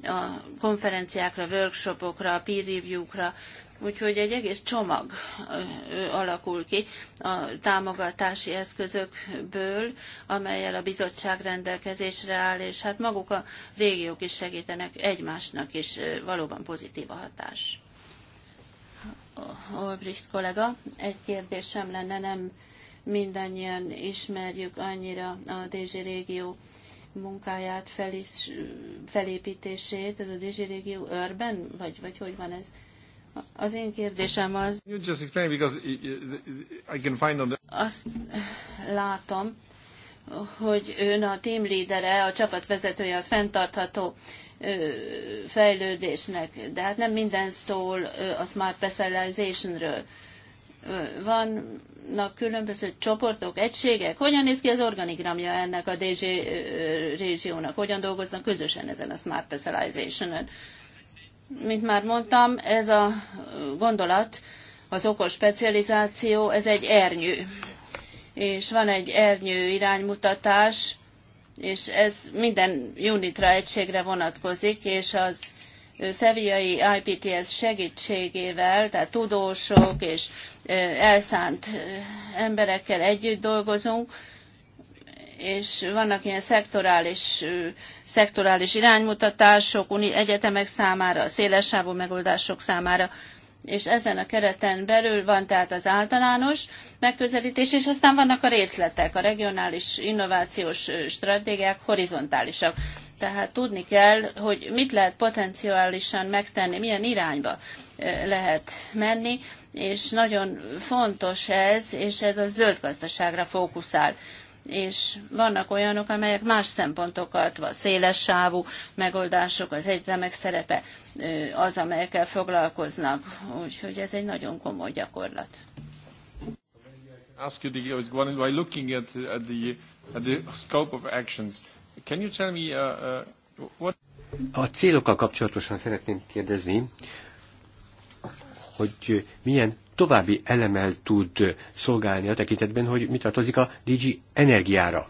a konferenciákra, workshopokra, peer review-kra, Úgyhogy egy egész csomag alakul ki a támogatási eszközökből, amelyel a bizottság rendelkezésre áll, és hát maguk a régiók is segítenek egymásnak, és valóban pozitív a hatás. Olbricht kollega, egy kérdésem lenne, nem mindannyian ismerjük annyira a DZ régió munkáját, felis, felépítését, ez a DZ régió Örben, vagy, vagy hogy van ez? Az én kérdésem az... You just explain because I can find on the... Azt látom, hogy ön a team leadere, a csapatvezetője a fenntartható fejlődésnek, de hát nem minden szól a smart specializationről. Vannak különböző csoportok, egységek. Hogyan néz ki az organigramja ennek a DG régiónak? Hogyan dolgoznak közösen ezen a smart specialization-ön? mint már mondtam, ez a gondolat, az okos specializáció, ez egy ernyő. És van egy ernyő iránymutatás, és ez minden unitra, egységre vonatkozik, és az szeviai IPTS segítségével, tehát tudósok és elszánt emberekkel együtt dolgozunk, és vannak ilyen szektorális, szektorális iránymutatások egyetemek számára, szélesávú megoldások számára, és ezen a kereten belül van tehát az általános megközelítés, és aztán vannak a részletek, a regionális innovációs stratégiák horizontálisak. Tehát tudni kell, hogy mit lehet potenciálisan megtenni, milyen irányba lehet menni, és nagyon fontos ez, és ez a zöld gazdaságra fókuszál és vannak olyanok, amelyek más szempontokat, vagy széles sávú megoldások, az egyetemek szerepe az, amelyekkel foglalkoznak. Úgyhogy ez egy nagyon komoly gyakorlat. Ask you the, looking at, at the at the scope of actions, can you tell me uh, uh, what? A célokkal kapcsolatosan szeretném kérdezni, hogy milyen további elemel tud szolgálni a tekintetben, hogy mit tartozik a DG energiára.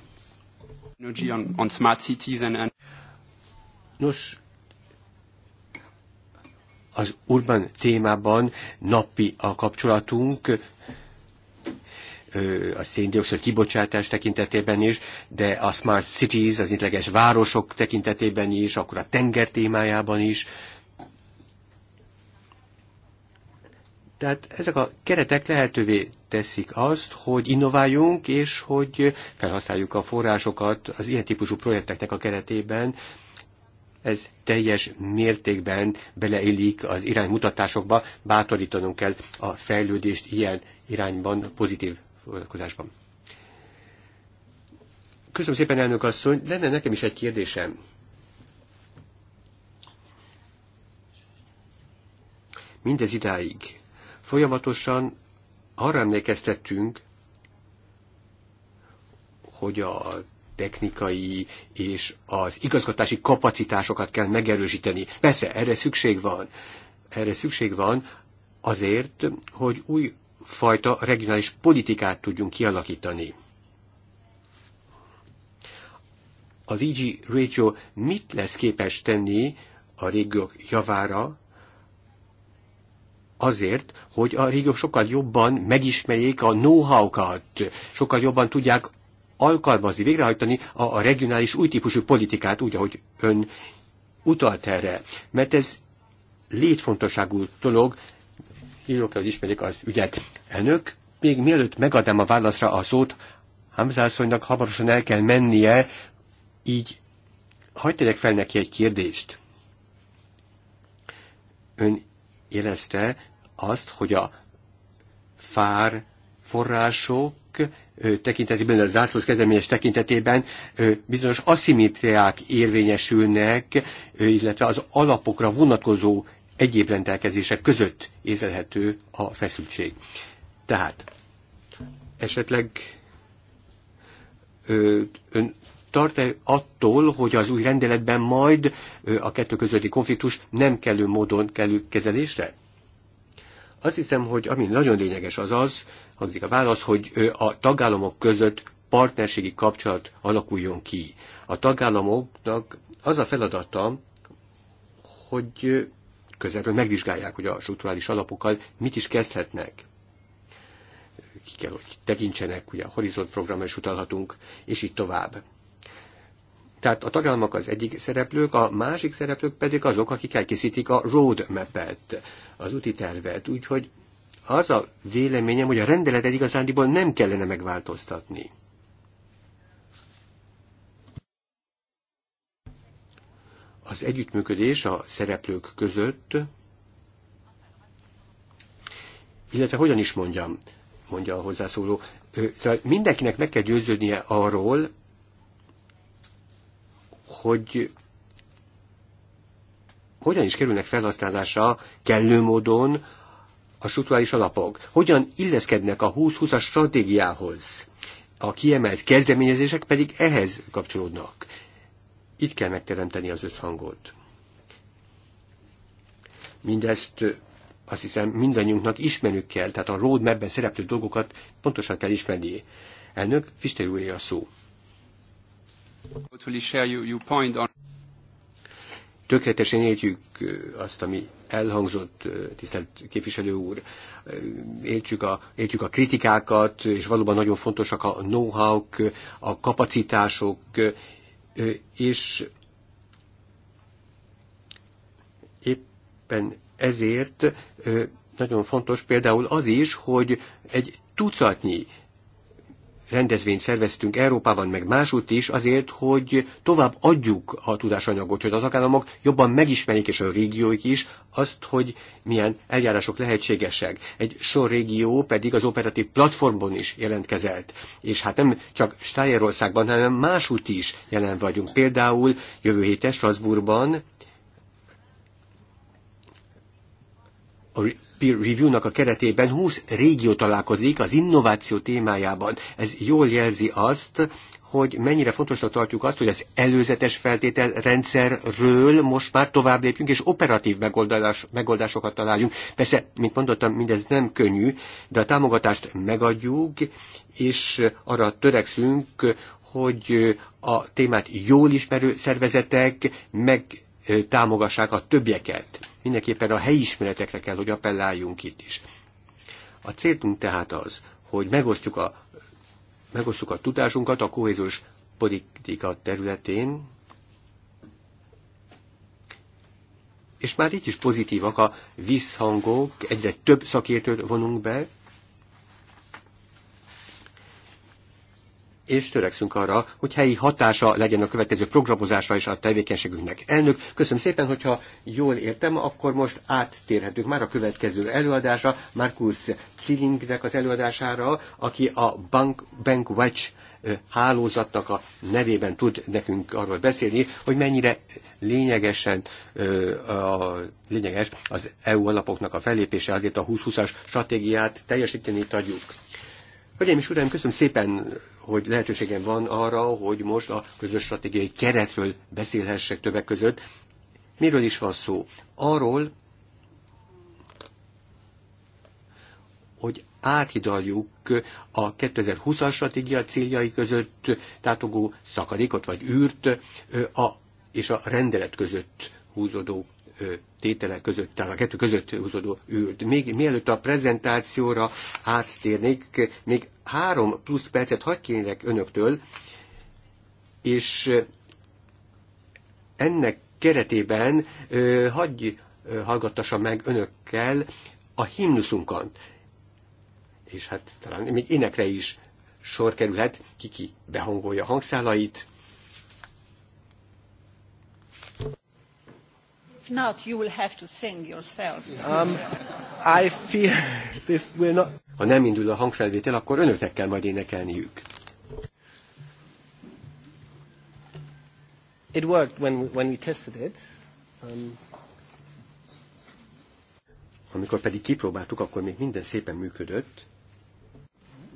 Nos, az urban témában napi a kapcsolatunk, a széndiokszid kibocsátás tekintetében is, de a smart cities, az intelligens városok tekintetében is, akkor a tenger témájában is, Tehát ezek a keretek lehetővé teszik azt, hogy innováljunk, és hogy felhasználjuk a forrásokat az ilyen típusú projekteknek a keretében. Ez teljes mértékben beleillik az iránymutatásokba, bátorítanunk kell a fejlődést ilyen irányban, pozitív vonatkozásban. Köszönöm szépen, elnök asszony. Lenne nekem is egy kérdésem. Mindez idáig Folyamatosan arra emlékeztettünk, hogy a technikai és az igazgatási kapacitásokat kell megerősíteni. Persze, erre szükség van. Erre szükség van azért, hogy új fajta regionális politikát tudjunk kialakítani. A Ligi Radio mit lesz képes tenni a régiók javára, azért, hogy a régiók sokkal jobban megismerjék a know-how-kat, sokkal jobban tudják alkalmazni, végrehajtani a, a regionális új típusú politikát, úgy, ahogy ön utalt erre. Mert ez létfontosságú dolog, írók az ismerik az ügyet. Elnök, még mielőtt megadnám a válaszra a szót, Hamzászonynak hamarosan el kell mennie, így hagyd fel neki egy kérdést. Ön jelezte, azt, hogy a fár források tekintetében, a zászlós kezdeményes tekintetében bizonyos aszimitriák érvényesülnek, illetve az alapokra vonatkozó egyéb rendelkezések között észlelhető a feszültség. Tehát esetleg ön tart-e attól, hogy az új rendeletben majd a kettő közötti konfliktus nem kellő módon kerül kezelésre? Azt hiszem, hogy ami nagyon lényeges az az, hangzik a válasz, hogy a tagállamok között partnerségi kapcsolat alakuljon ki. A tagállamoknak az a feladata, hogy közelről megvizsgálják, hogy a strukturális alapokkal mit is kezdhetnek. Ki kell, hogy tekintsenek, ugye a Horizont programra is utalhatunk, és így tovább. Tehát a tagállamok az egyik szereplők, a másik szereplők pedig azok, akik elkészítik a roadmap-et, az úti tervet. Úgyhogy az a véleményem, hogy a rendeletet igazándiból nem kellene megváltoztatni. Az együttműködés a szereplők között, illetve hogyan is mondjam, mondja a hozzászóló, szóval mindenkinek meg kell győződnie arról, hogy hogyan is kerülnek felhasználásra kellő módon a struktúrális alapok, hogyan illeszkednek a 2020-as stratégiához, a kiemelt kezdeményezések pedig ehhez kapcsolódnak. Itt kell megteremteni az összhangot. Mindezt azt hiszem mindannyiunknak ismerünk kell, tehát a roadmap-ben szereplő dolgokat pontosan kell ismerni. Elnök, Fister úr a szó. Tökéletesen értjük azt, ami elhangzott, tisztelt képviselő úr. Értjük a, értjük a kritikákat, és valóban nagyon fontosak a know-how-k, a kapacitások, és éppen ezért nagyon fontos például az is, hogy egy tucatnyi rendezvényt szerveztünk Európában, meg másút is azért, hogy tovább adjuk a tudásanyagot, hogy az tagállamok jobban megismerik, és a régióik is azt, hogy milyen eljárások lehetségesek. Egy sor régió pedig az operatív platformon is jelentkezett. És hát nem csak Stájerországban, hanem másút is jelen vagyunk. Például jövő héten Strasbourgban peer review-nak a keretében 20 régió találkozik az innováció témájában. Ez jól jelzi azt, hogy mennyire fontosnak tartjuk azt, hogy az előzetes rendszerről most már tovább lépjünk, és operatív megoldás, megoldásokat találjunk. Persze, mint mondottam, mindez nem könnyű, de a támogatást megadjuk, és arra törekszünk, hogy a témát jól ismerő szervezetek meg támogassák a többieket mindenképpen a helyismeretekre kell, hogy appelláljunk itt is. A célunk tehát az, hogy megosztjuk a, megosztjuk a tudásunkat a kohéziós politika területén, és már itt is pozitívak a visszhangok, egyre több szakértőt vonunk be, és törekszünk arra, hogy helyi hatása legyen a következő programozásra és a tevékenységünknek. Elnök, köszönöm szépen, hogyha jól értem, akkor most áttérhetünk már a következő előadásra, Markus Tillingnek az előadására, aki a Bank, Bank Watch hálózatnak a nevében tud nekünk arról beszélni, hogy mennyire lényegesen a, lényeges az EU alapoknak a fellépése, azért a 2020-as stratégiát teljesíteni tudjuk. Hölgyeim és Uraim, köszönöm szépen, hogy lehetőségem van arra, hogy most a közös stratégiai keretről beszélhessek többek között. Miről is van szó? Arról, hogy áthidaljuk a 2020-as stratégia céljai között tátogó szakadékot vagy űrt a, és a rendelet között húzódó tételek között, tehát a kettő között húzódó ült. Még mielőtt a prezentációra áttérnék, még három plusz percet hagyj önöktől, és ennek keretében hagyj hallgattassa meg önökkel a himnuszunkat. És hát talán még énekre is sor kerülhet, ki, ki behangolja hangszálait. not, you will have to sing yourself. Um, I this will not... Ha nem indul a hangfelvétel, akkor önöknek kell majd énekelniük. It worked when, when we tested it. Um... Amikor pedig kipróbáltuk, akkor még minden szépen működött.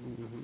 Mm -hmm.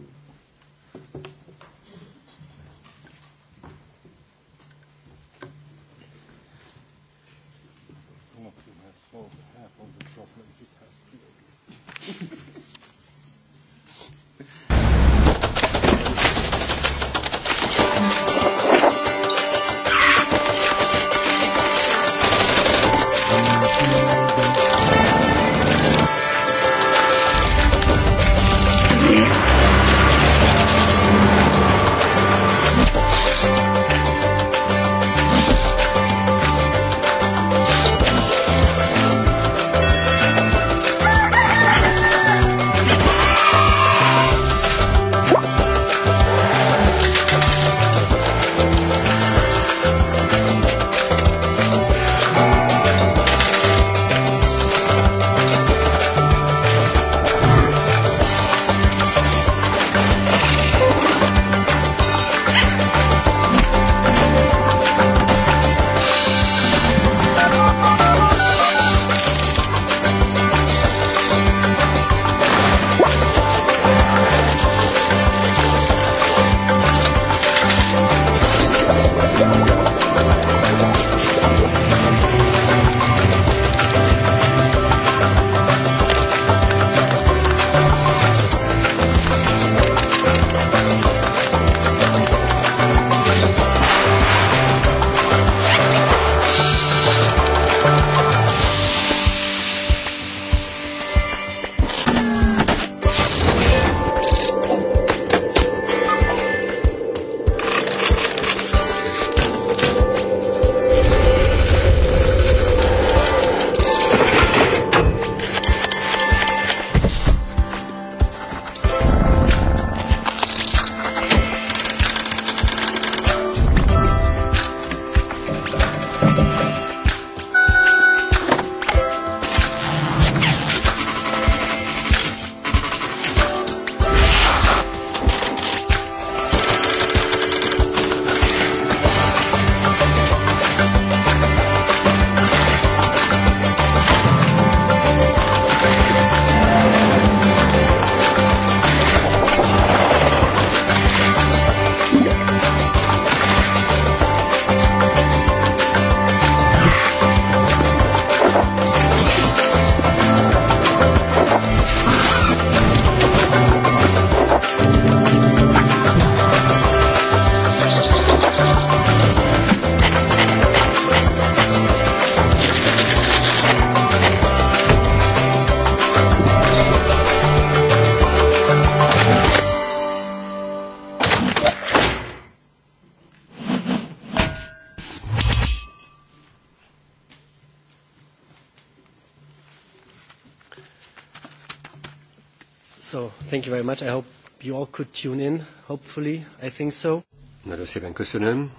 Thank you very much. I hope you all could tune in, hopefully. I think so. Nagyon szépen köszönöm.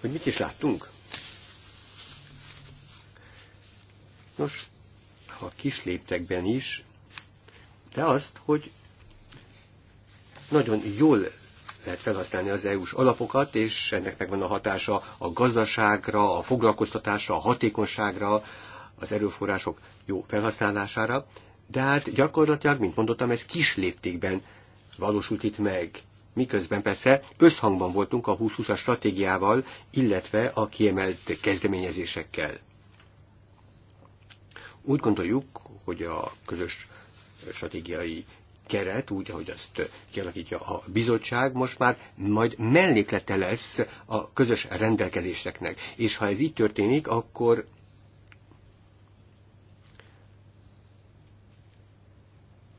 Hogy mit is láttunk? Nos, ha kis léptekben is, de azt, hogy nagyon jól lehet felhasználni az EU-s alapokat, és ennek megvan a hatása a gazdaságra, a foglalkoztatásra, a hatékonyságra, az erőforrások jó felhasználására, de hát gyakorlatilag, mint mondottam, ez kis léptékben valósult itt meg. Miközben persze összhangban voltunk a 2020-as stratégiával, illetve a kiemelt kezdeményezésekkel. Úgy gondoljuk, hogy a közös stratégiai keret, úgy, ahogy azt kialakítja a bizottság, most már majd melléklete lesz a közös rendelkezéseknek. És ha ez így történik, akkor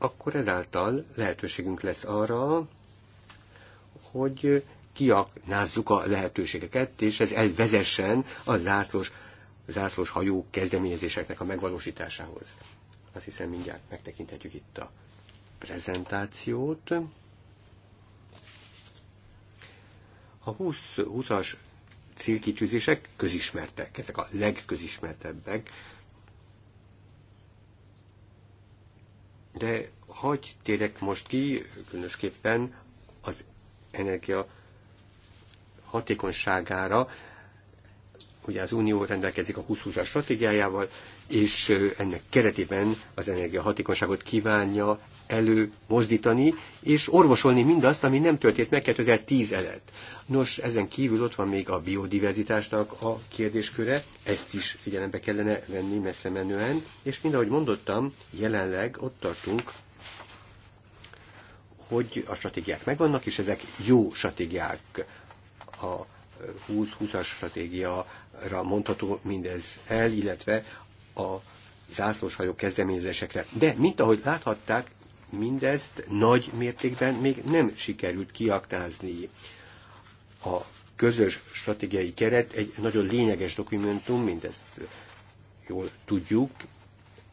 akkor ezáltal lehetőségünk lesz arra, hogy kiaknázzuk a lehetőségeket, és ez elvezessen a zászlós, zászlós hajó kezdeményezéseknek a megvalósításához. Azt hiszem mindjárt megtekinthetjük itt a prezentációt. A 20, 20-as célkitűzések közismertek, ezek a legközismertebbek, De hagy térek most ki, különösképpen az energia hatékonyságára, ugye az Unió rendelkezik a 2020-as stratégiájával, és ennek keretében az energiahatékonyságot kívánja elő mozdítani, és orvosolni mindazt, ami nem történt meg 2010 előtt. Nos, ezen kívül ott van még a biodiverzitásnak a kérdésköre, ezt is figyelembe kellene venni messze menően, és mind ahogy mondottam, jelenleg ott tartunk, hogy a stratégiák megvannak, és ezek jó stratégiák. A 20-20-as stratégia mondható mindez el, illetve a zászlóshajó kezdeményezésekre. De, mint ahogy láthatták, mindezt nagy mértékben még nem sikerült kiaktázni. A közös stratégiai keret egy nagyon lényeges dokumentum, mindezt jól tudjuk,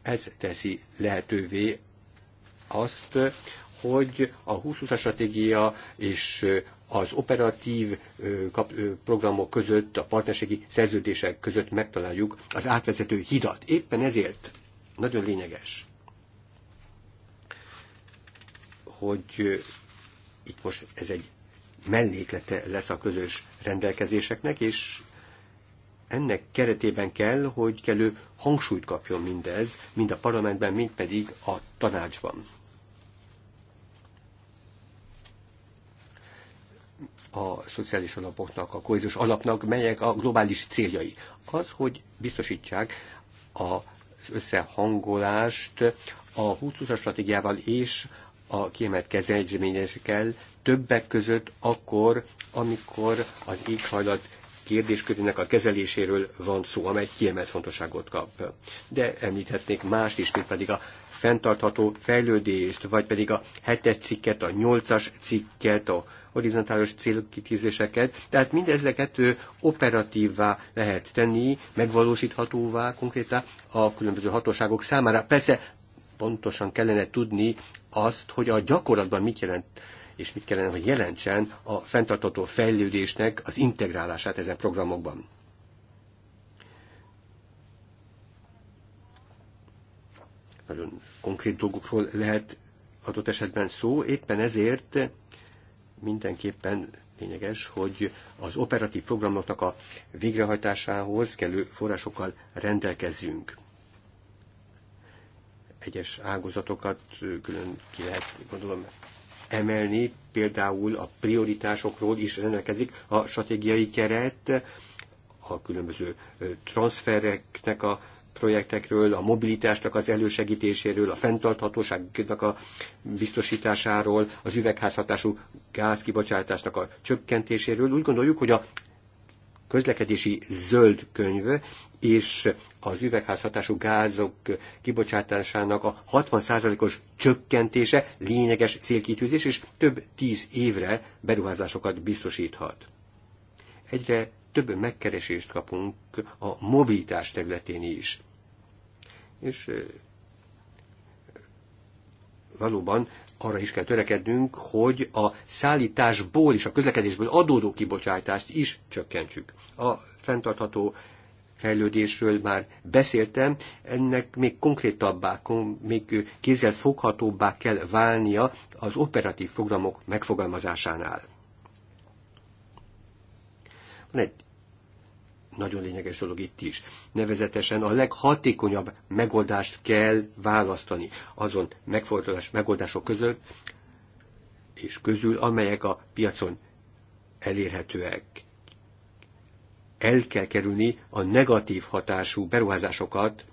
ez teszi lehetővé azt, hogy a 2020-as stratégia és az operatív programok között, a partnerségi szerződések között megtaláljuk az átvezető hidat. Éppen ezért nagyon lényeges, hogy itt most ez egy melléklete lesz a közös rendelkezéseknek, és ennek keretében kell, hogy kellő hangsúlyt kapjon mindez, mind a parlamentben, mind pedig a tanácsban. a szociális alapoknak, a kohéziós alapnak, melyek a globális céljai. Az, hogy biztosítsák az összehangolást a 2020-as stratégiával és a kiemelt kezdeményezésekkel többek között akkor, amikor az éghajlat kérdéskörének a kezeléséről van szó, amely kiemelt fontosságot kap. De említhetnék mást is, mint pedig a fenntartható fejlődést, vagy pedig a hetes cikket, a nyolcas cikket, a horizontális célkitűzéseket, tehát mindezeket ő operatívvá lehet tenni, megvalósíthatóvá konkrétan a különböző hatóságok számára. Persze pontosan kellene tudni azt, hogy a gyakorlatban mit jelent és mit kellene, hogy jelentsen a fenntartató fejlődésnek az integrálását ezen programokban. Nagyon konkrét dolgokról lehet adott esetben szó, éppen ezért mindenképpen lényeges, hogy az operatív programoknak a végrehajtásához kellő forrásokkal rendelkezünk. Egyes ágazatokat külön ki lehet, gondolom, emelni, például a prioritásokról is rendelkezik a stratégiai keret, a különböző transfereknek a projektekről, a mobilitásnak az elősegítéséről, a fenntarthatóságnak a biztosításáról, az üvegházhatású gázkibocsátásnak a csökkentéséről. Úgy gondoljuk, hogy a közlekedési zöld könyv és az üvegházhatású gázok kibocsátásának a 60%-os csökkentése lényeges célkitűzés, és több tíz évre beruházásokat biztosíthat. Egyre több megkeresést kapunk a mobilitás területén is és valóban arra is kell törekednünk, hogy a szállításból és a közlekedésből adódó kibocsátást is csökkentsük. A fenntartható fejlődésről már beszéltem, ennek még konkrétabbá, még kézzel foghatóbbá kell válnia az operatív programok megfogalmazásánál. Van egy nagyon lényeges dolog itt is. Nevezetesen a leghatékonyabb megoldást kell választani azon megfordulás megoldások között, és közül, amelyek a piacon elérhetőek. El kell kerülni a negatív hatású beruházásokat,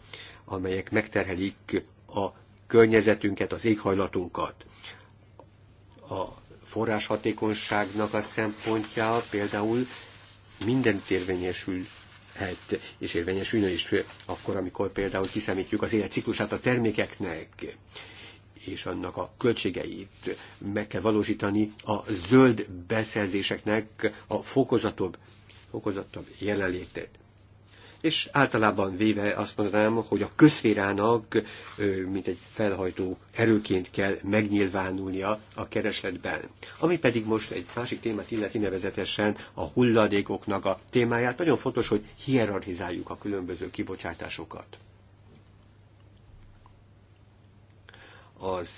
amelyek megterhelik a környezetünket, az éghajlatunkat. A forráshatékonyságnak a szempontja például minden érvényesül és érvényesülne is akkor, amikor például kiszámítjuk az életciklusát a termékeknek és annak a költségeit meg kell valósítani a zöld beszerzéseknek a fokozatabb, fokozatabb jelenlétét és általában véve azt mondanám, hogy a közférának mint egy felhajtó erőként kell megnyilvánulnia a keresletben. Ami pedig most egy másik témát illeti nevezetesen a hulladékoknak a témáját. Nagyon fontos, hogy hierarchizáljuk a különböző kibocsátásokat. Az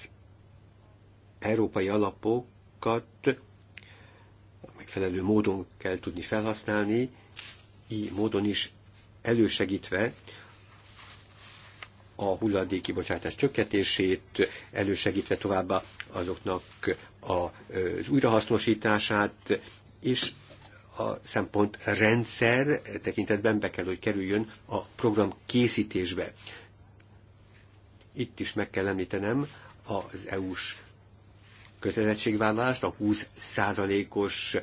európai alapokat megfelelő módon kell tudni felhasználni, így módon is elősegítve a hulladék kibocsátás csökkentését, elősegítve továbbá azoknak az újrahasznosítását, és a szempont rendszer tekintetben be kell, hogy kerüljön a program készítésbe. Itt is meg kell említenem az EU-s kötelezettségvállalást, a 20%-os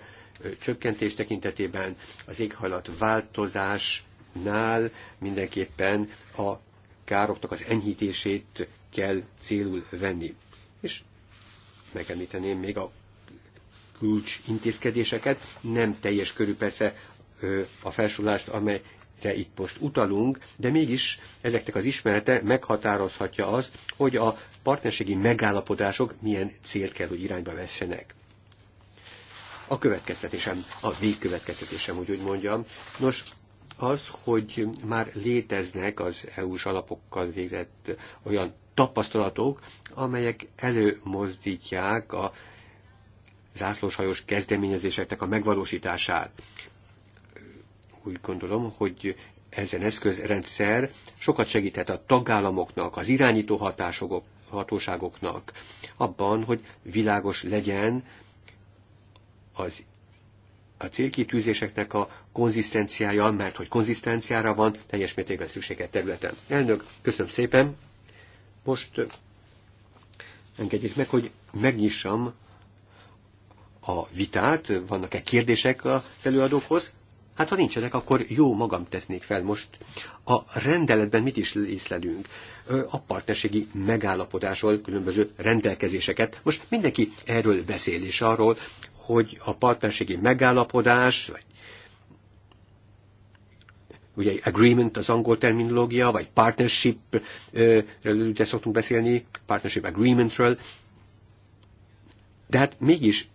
csökkentés tekintetében az éghajlat változás nál mindenképpen a károknak az enyhítését kell célul venni. És megemlíteném még a kulcs intézkedéseket, nem teljes körű persze a felsorolást, amely itt most utalunk, de mégis ezeknek az ismerete meghatározhatja azt, hogy a partnerségi megállapodások milyen célt kell, hogy irányba vessenek. A következtetésem, a végkövetkeztetésem, hogy úgy mondjam. Nos, az, hogy már léteznek az EU-s alapokkal végzett olyan tapasztalatok, amelyek előmozdítják a zászlóshajós kezdeményezéseknek a megvalósítását. Úgy gondolom, hogy ezen eszközrendszer sokat segíthet a tagállamoknak, az irányító hatóságoknak abban, hogy világos legyen az a célkitűzéseknek a konzisztenciája, mert hogy konzisztenciára van teljes mértékben szüksége területen. Elnök, köszönöm szépen. Most engedjék meg, hogy megnyissam a vitát, vannak-e kérdések a előadókhoz? Hát ha nincsenek, akkor jó magam tesznék fel most. A rendeletben mit is észlelünk? A partnerségi megállapodásról különböző rendelkezéseket. Most mindenki erről beszél, és arról, hogy a partnerségi megállapodás, vagy ugye agreement az angol terminológia, vagy partnership-ről ugye szoktunk beszélni, partnership agreementről, de hát mégis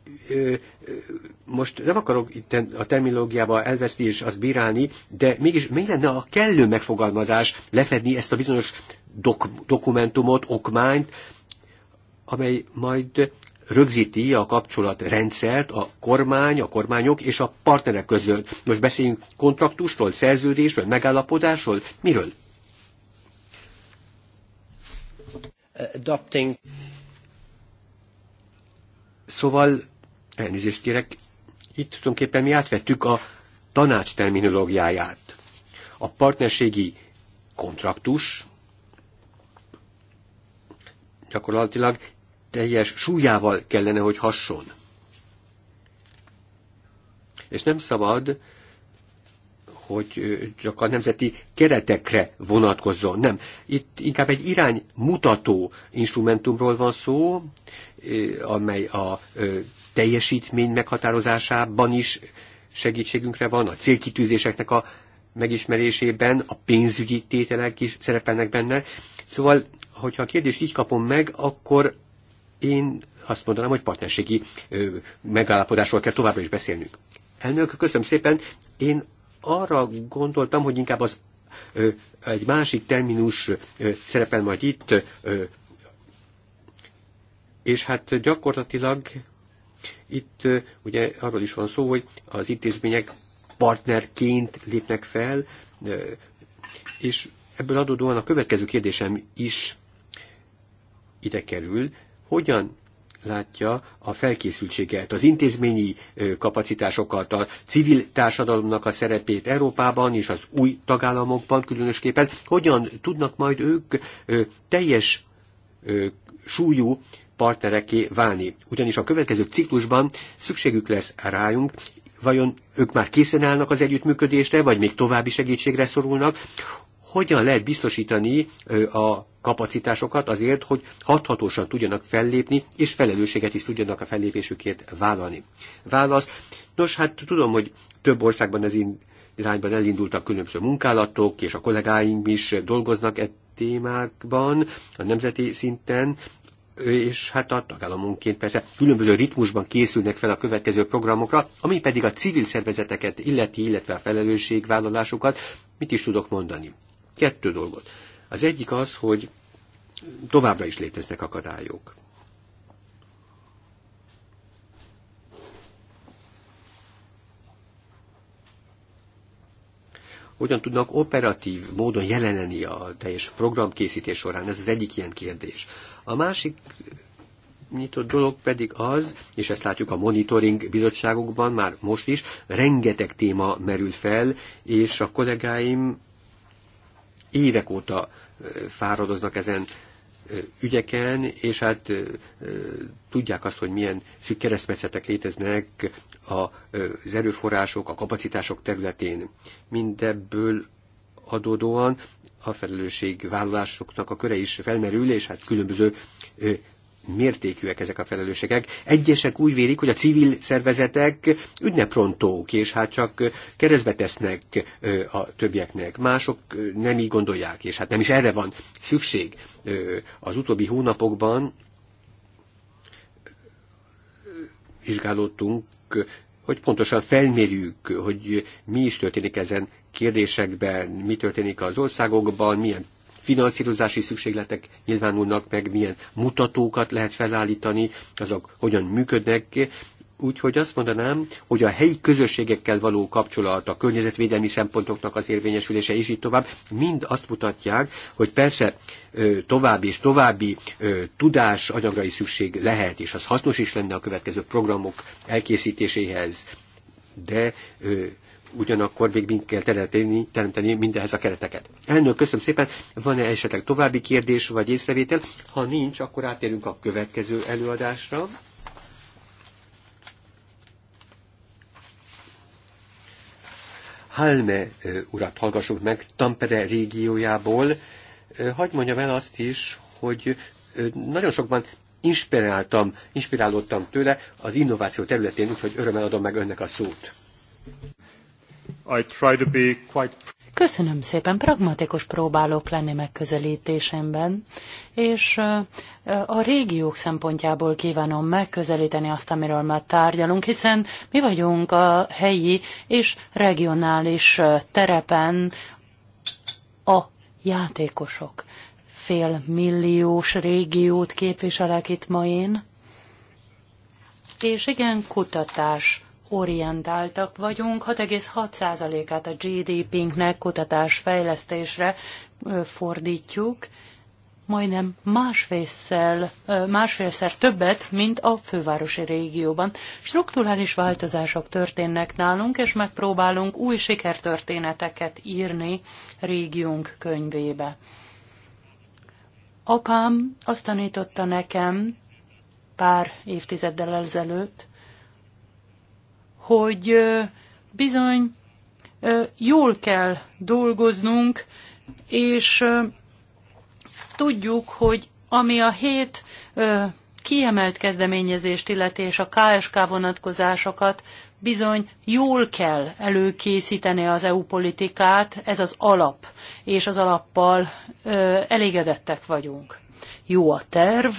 most nem akarok itt a terminológiába elveszni és azt bírálni, de mégis mi lenne a kellő megfogalmazás lefedni ezt a bizonyos dok- dokumentumot, okmányt, amely majd rögzíti a kapcsolatrendszert a kormány, a kormányok és a partnerek között. Most beszéljünk kontraktusról, szerződésről, megállapodásról, miről? Adopting. Szóval, elnézést kérek, itt tulajdonképpen mi átvettük a tanács terminológiáját. A partnerségi kontraktus gyakorlatilag teljes súlyával kellene, hogy hasson. És nem szabad, hogy csak a nemzeti keretekre vonatkozzon. Nem, itt inkább egy irány mutató instrumentumról van szó, amely a teljesítmény meghatározásában is segítségünkre van, a célkitűzéseknek a megismerésében, a pénzügyi tételek is szerepelnek benne. Szóval, hogyha a kérdést így kapom meg, akkor én azt mondanám, hogy partnerségi megállapodásról kell továbbra is beszélnünk. Elnök, köszönöm szépen. Én arra gondoltam, hogy inkább az ö, egy másik terminus ö, szerepel majd itt, ö, és hát gyakorlatilag itt ö, ugye arról is van szó, hogy az intézmények partnerként lépnek fel, ö, és ebből adódóan a következő kérdésem is ide kerül, hogyan látja a felkészültséget, az intézményi kapacitásokat, a civil társadalomnak a szerepét Európában és az új tagállamokban különösképpen, hogyan tudnak majd ők teljes súlyú partnereké válni. Ugyanis a következő ciklusban szükségük lesz rájunk, vajon ők már készen állnak az együttműködésre, vagy még további segítségre szorulnak, hogyan lehet biztosítani a kapacitásokat azért, hogy hathatósan tudjanak fellépni, és felelősséget is tudjanak a fellépésükért vállalni. Válasz. Nos, hát tudom, hogy több országban ez irányban elindultak különböző munkálatok, és a kollégáink is dolgoznak e témákban, a nemzeti szinten, és hát a tagállamunként persze különböző ritmusban készülnek fel a következő programokra, ami pedig a civil szervezeteket illeti, illetve a felelősségvállalásukat, mit is tudok mondani kettő dolgot. Az egyik az, hogy továbbra is léteznek akadályok. hogyan tudnak operatív módon jelenni a teljes programkészítés során. Ez az egyik ilyen kérdés. A másik nyitott dolog pedig az, és ezt látjuk a monitoring bizottságokban már most is, rengeteg téma merül fel, és a kollégáim évek óta fáradoznak ezen ügyeken, és hát tudják azt, hogy milyen szűk keresztmetszetek léteznek az erőforrások, a kapacitások területén. Mindebből adódóan a felelősségvállalásoknak a köre is felmerül, és hát különböző mértékűek ezek a felelősségek. Egyesek úgy vélik, hogy a civil szervezetek ünneprontók, és hát csak keresztbe tesznek a többieknek. Mások nem így gondolják, és hát nem is erre van szükség az utóbbi hónapokban vizsgálódtunk, hogy pontosan felmérjük, hogy mi is történik ezen kérdésekben, mi történik az országokban, milyen finanszírozási szükségletek nyilvánulnak meg, milyen mutatókat lehet felállítani, azok hogyan működnek, Úgyhogy azt mondanám, hogy a helyi közösségekkel való kapcsolat, a környezetvédelmi szempontoknak az érvényesülése és így tovább, mind azt mutatják, hogy persze további és további tudás anyagra is szükség lehet, és az hasznos is lenne a következő programok elkészítéséhez, de ugyanakkor még mind kell teremteni, teremteni mindenhez a kereteket. Elnök, köszönöm szépen. Van-e esetleg további kérdés vagy észrevétel? Ha nincs, akkor átérünk a következő előadásra. Halme urat hallgassuk meg Tampere régiójából. Hagy mondjam el azt is, hogy nagyon sokban inspiráltam, inspirálódtam tőle az innováció területén, úgyhogy örömmel adom meg önnek a szót. I try to be quite... Köszönöm szépen, pragmatikus próbálok lenni megközelítésemben, és a régiók szempontjából kívánom megközelíteni azt, amiről már tárgyalunk, hiszen mi vagyunk a helyi és regionális terepen a játékosok. Fél milliós régiót képviselek itt ma én. És igen, kutatás orientáltak vagyunk, 6,6%-át a GDP-nknek fejlesztésre fordítjuk, majdnem másfélszer, másfélszer többet, mint a fővárosi régióban. Strukturális változások történnek nálunk, és megpróbálunk új sikertörténeteket írni régiónk könyvébe. Apám azt tanította nekem pár évtizeddel ezelőtt, hogy bizony jól kell dolgoznunk, és tudjuk, hogy ami a hét kiemelt kezdeményezést illeti, és a KSK vonatkozásokat, bizony jól kell előkészíteni az EU politikát, ez az alap, és az alappal ö, elégedettek vagyunk. Jó a terv,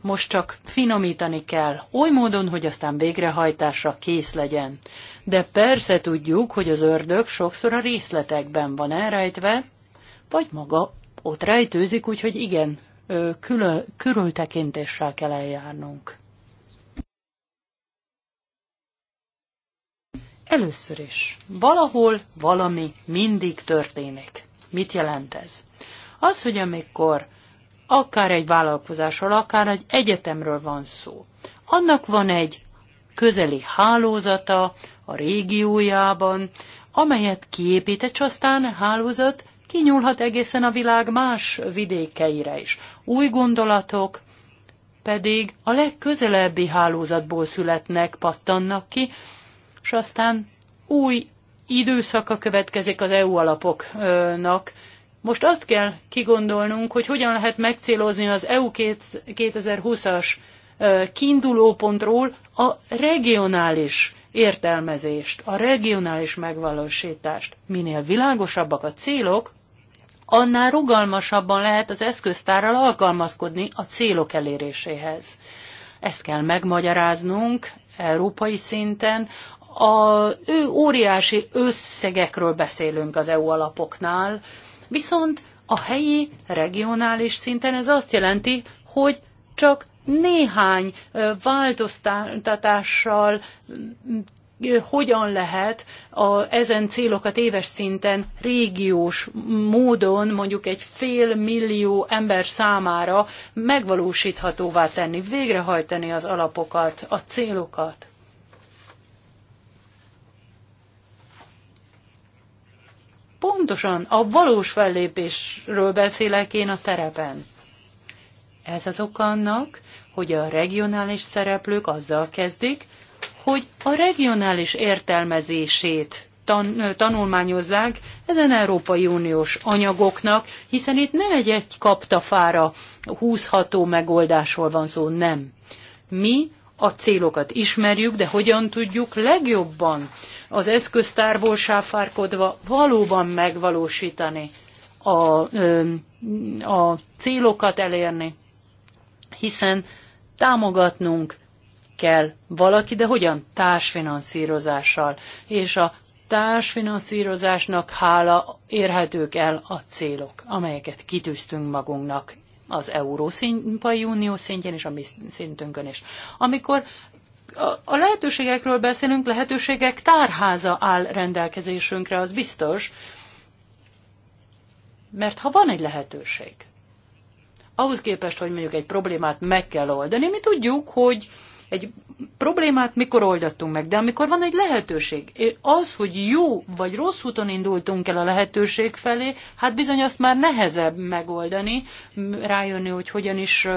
most csak finomítani kell, oly módon, hogy aztán végrehajtásra kész legyen. De persze tudjuk, hogy az ördög sokszor a részletekben van elrejtve, vagy maga ott rejtőzik, úgyhogy igen, külön, körültekintéssel kell eljárnunk. Először is, valahol valami mindig történik. Mit jelent ez? Az, hogy amikor akár egy vállalkozásról, akár egy egyetemről van szó. Annak van egy közeli hálózata a régiójában, amelyet kiépít, és aztán hálózat kinyúlhat egészen a világ más vidékeire is. Új gondolatok pedig a legközelebbi hálózatból születnek, pattannak ki, és aztán új időszaka következik az EU alapoknak, most azt kell kigondolnunk, hogy hogyan lehet megcélozni az EU 2020-as kiindulópontról a regionális értelmezést, a regionális megvalósítást. Minél világosabbak a célok, annál rugalmasabban lehet az eszköztárral alkalmazkodni a célok eléréséhez. Ezt kell megmagyaráznunk európai szinten. A ő óriási összegekről beszélünk az EU alapoknál, Viszont a helyi, regionális szinten ez azt jelenti, hogy csak néhány változtatással hogyan lehet a, ezen célokat éves szinten régiós módon mondjuk egy fél millió ember számára megvalósíthatóvá tenni, végrehajtani az alapokat, a célokat. Pontosan a valós fellépésről beszélek én a terepen. Ez az oka annak, hogy a regionális szereplők azzal kezdik, hogy a regionális értelmezését tan- tanulmányozzák ezen Európai Uniós anyagoknak, hiszen itt nem egy egy kaptafára húzható megoldásról van szó, nem. Mi a célokat ismerjük, de hogyan tudjuk legjobban az eszköztárból sáfárkodva valóban megvalósítani a, a célokat elérni, hiszen támogatnunk kell valaki, de hogyan? Társfinanszírozással. És a társfinanszírozásnak hála érhetők el a célok, amelyeket kitűztünk magunknak az Európai Unió szintjén és a mi szintünkön is. Amikor a lehetőségekről beszélünk, lehetőségek tárháza áll rendelkezésünkre, az biztos. Mert ha van egy lehetőség, ahhoz képest, hogy mondjuk egy problémát meg kell oldani, mi tudjuk, hogy egy problémát mikor oldattunk meg, de amikor van egy lehetőség, az, hogy jó vagy rossz úton indultunk el a lehetőség felé, hát bizony azt már nehezebb megoldani, rájönni, hogy hogyan is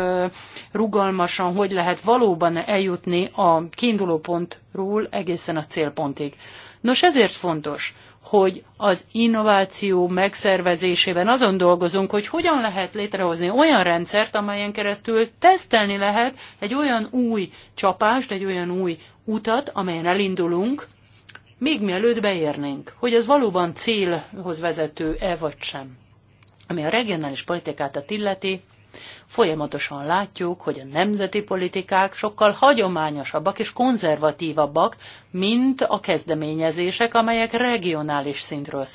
rugalmasan, hogy lehet valóban eljutni a kiinduló pontról egészen a célpontig. Nos, ezért fontos, hogy az innováció megszervezésében azon dolgozunk, hogy hogyan lehet létrehozni olyan rendszert, amelyen keresztül tesztelni lehet egy olyan új csapást, egy olyan új utat, amelyen elindulunk, még mielőtt beérnénk, hogy ez valóban célhoz vezető-e vagy sem. Ami a regionális politikát illeti, Folyamatosan látjuk, hogy a nemzeti politikák sokkal hagyományosabbak és konzervatívabbak, mint a kezdeményezések, amelyek regionális szintről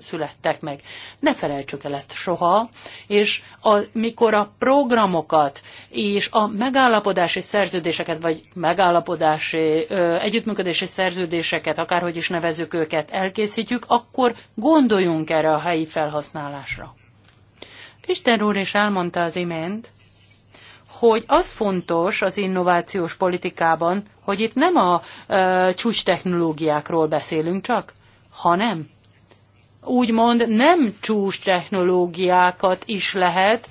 születtek meg. Ne felejtsük el ezt soha, és amikor a programokat és a megállapodási szerződéseket, vagy megállapodási együttműködési szerződéseket, akárhogy is nevezzük őket, elkészítjük, akkor gondoljunk erre a helyi felhasználásra. Pister úr is elmondta az imént, hogy az fontos az innovációs politikában, hogy itt nem a e, csúcs technológiákról beszélünk csak, hanem úgymond nem csúcs technológiákat is lehet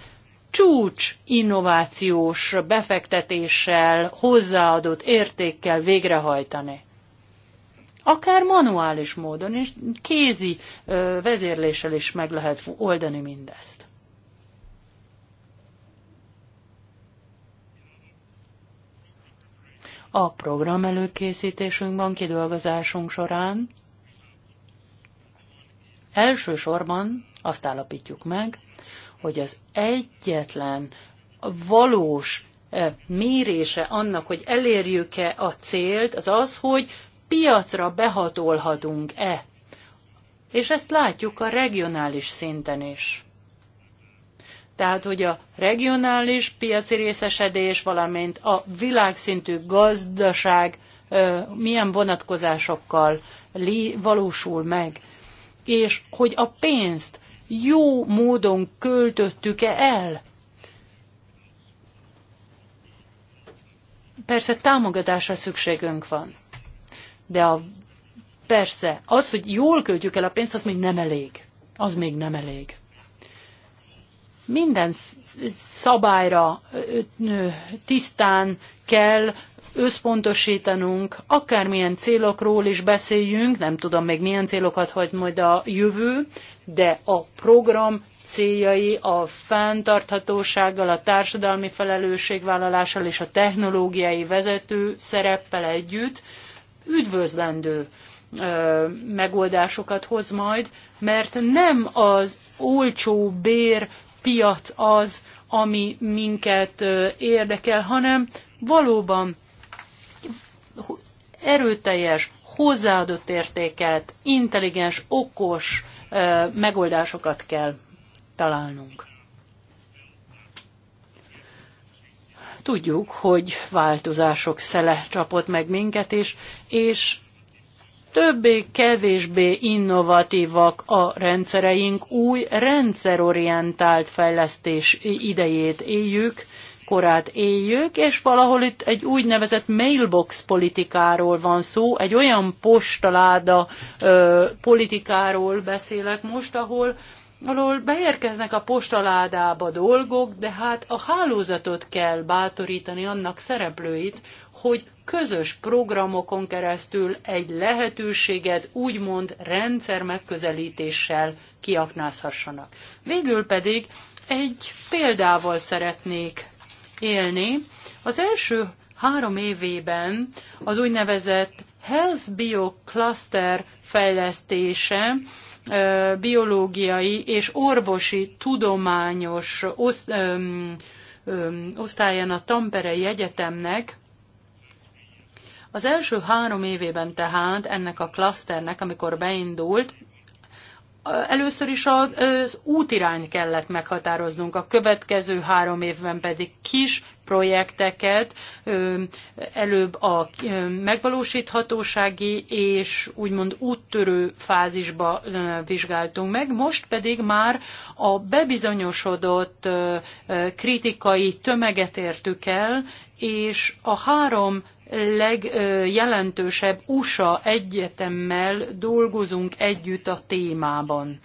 csúcs innovációs befektetéssel, hozzáadott értékkel végrehajtani. Akár manuális módon és kézi ö, vezérléssel is meg lehet oldani mindezt. a program előkészítésünkben, kidolgozásunk során elsősorban azt állapítjuk meg, hogy az egyetlen valós eh, mérése annak, hogy elérjük-e a célt, az az, hogy piacra behatolhatunk-e. És ezt látjuk a regionális szinten is tehát hogy a regionális piaci részesedés, valamint a világszintű gazdaság milyen vonatkozásokkal valósul meg, és hogy a pénzt jó módon költöttük-e el. Persze támogatásra szükségünk van, de a, persze az, hogy jól költjük el a pénzt, az még nem elég. Az még nem elég. Minden szabályra tisztán kell összpontosítanunk, akármilyen célokról is beszéljünk, nem tudom még milyen célokat hagy majd a jövő, de a program céljai a fenntarthatósággal, a társadalmi felelősségvállalással és a technológiai vezető szereppel együtt üdvözlendő ö, megoldásokat hoz majd, mert nem az olcsó bér piac az, ami minket érdekel, hanem valóban erőteljes, hozzáadott értéket, intelligens, okos megoldásokat kell találnunk. Tudjuk, hogy változások szele csapott meg minket is, és többé-kevésbé innovatívak a rendszereink, új rendszerorientált fejlesztés idejét éljük, korát éljük, és valahol itt egy úgynevezett mailbox politikáról van szó, egy olyan postaláda ö, politikáról beszélek most, ahol alól beérkeznek a postaládába dolgok, de hát a hálózatot kell bátorítani annak szereplőit, hogy közös programokon keresztül egy lehetőséget úgymond rendszer megközelítéssel kiaknázhassanak. Végül pedig egy példával szeretnék élni. Az első három évében az úgynevezett Health Bio Cluster fejlesztése biológiai és orvosi tudományos oszt, öm, öm, osztályán a Tamperei Egyetemnek az első három évében tehát ennek a klaszternek, amikor beindult, először is az útirány kellett meghatároznunk, a következő három évben pedig kis projekteket előbb a megvalósíthatósági és úgymond úttörő fázisba vizsgáltunk meg, most pedig már a bebizonyosodott kritikai tömeget értük el, és a három legjelentősebb USA egyetemmel dolgozunk együtt a témában.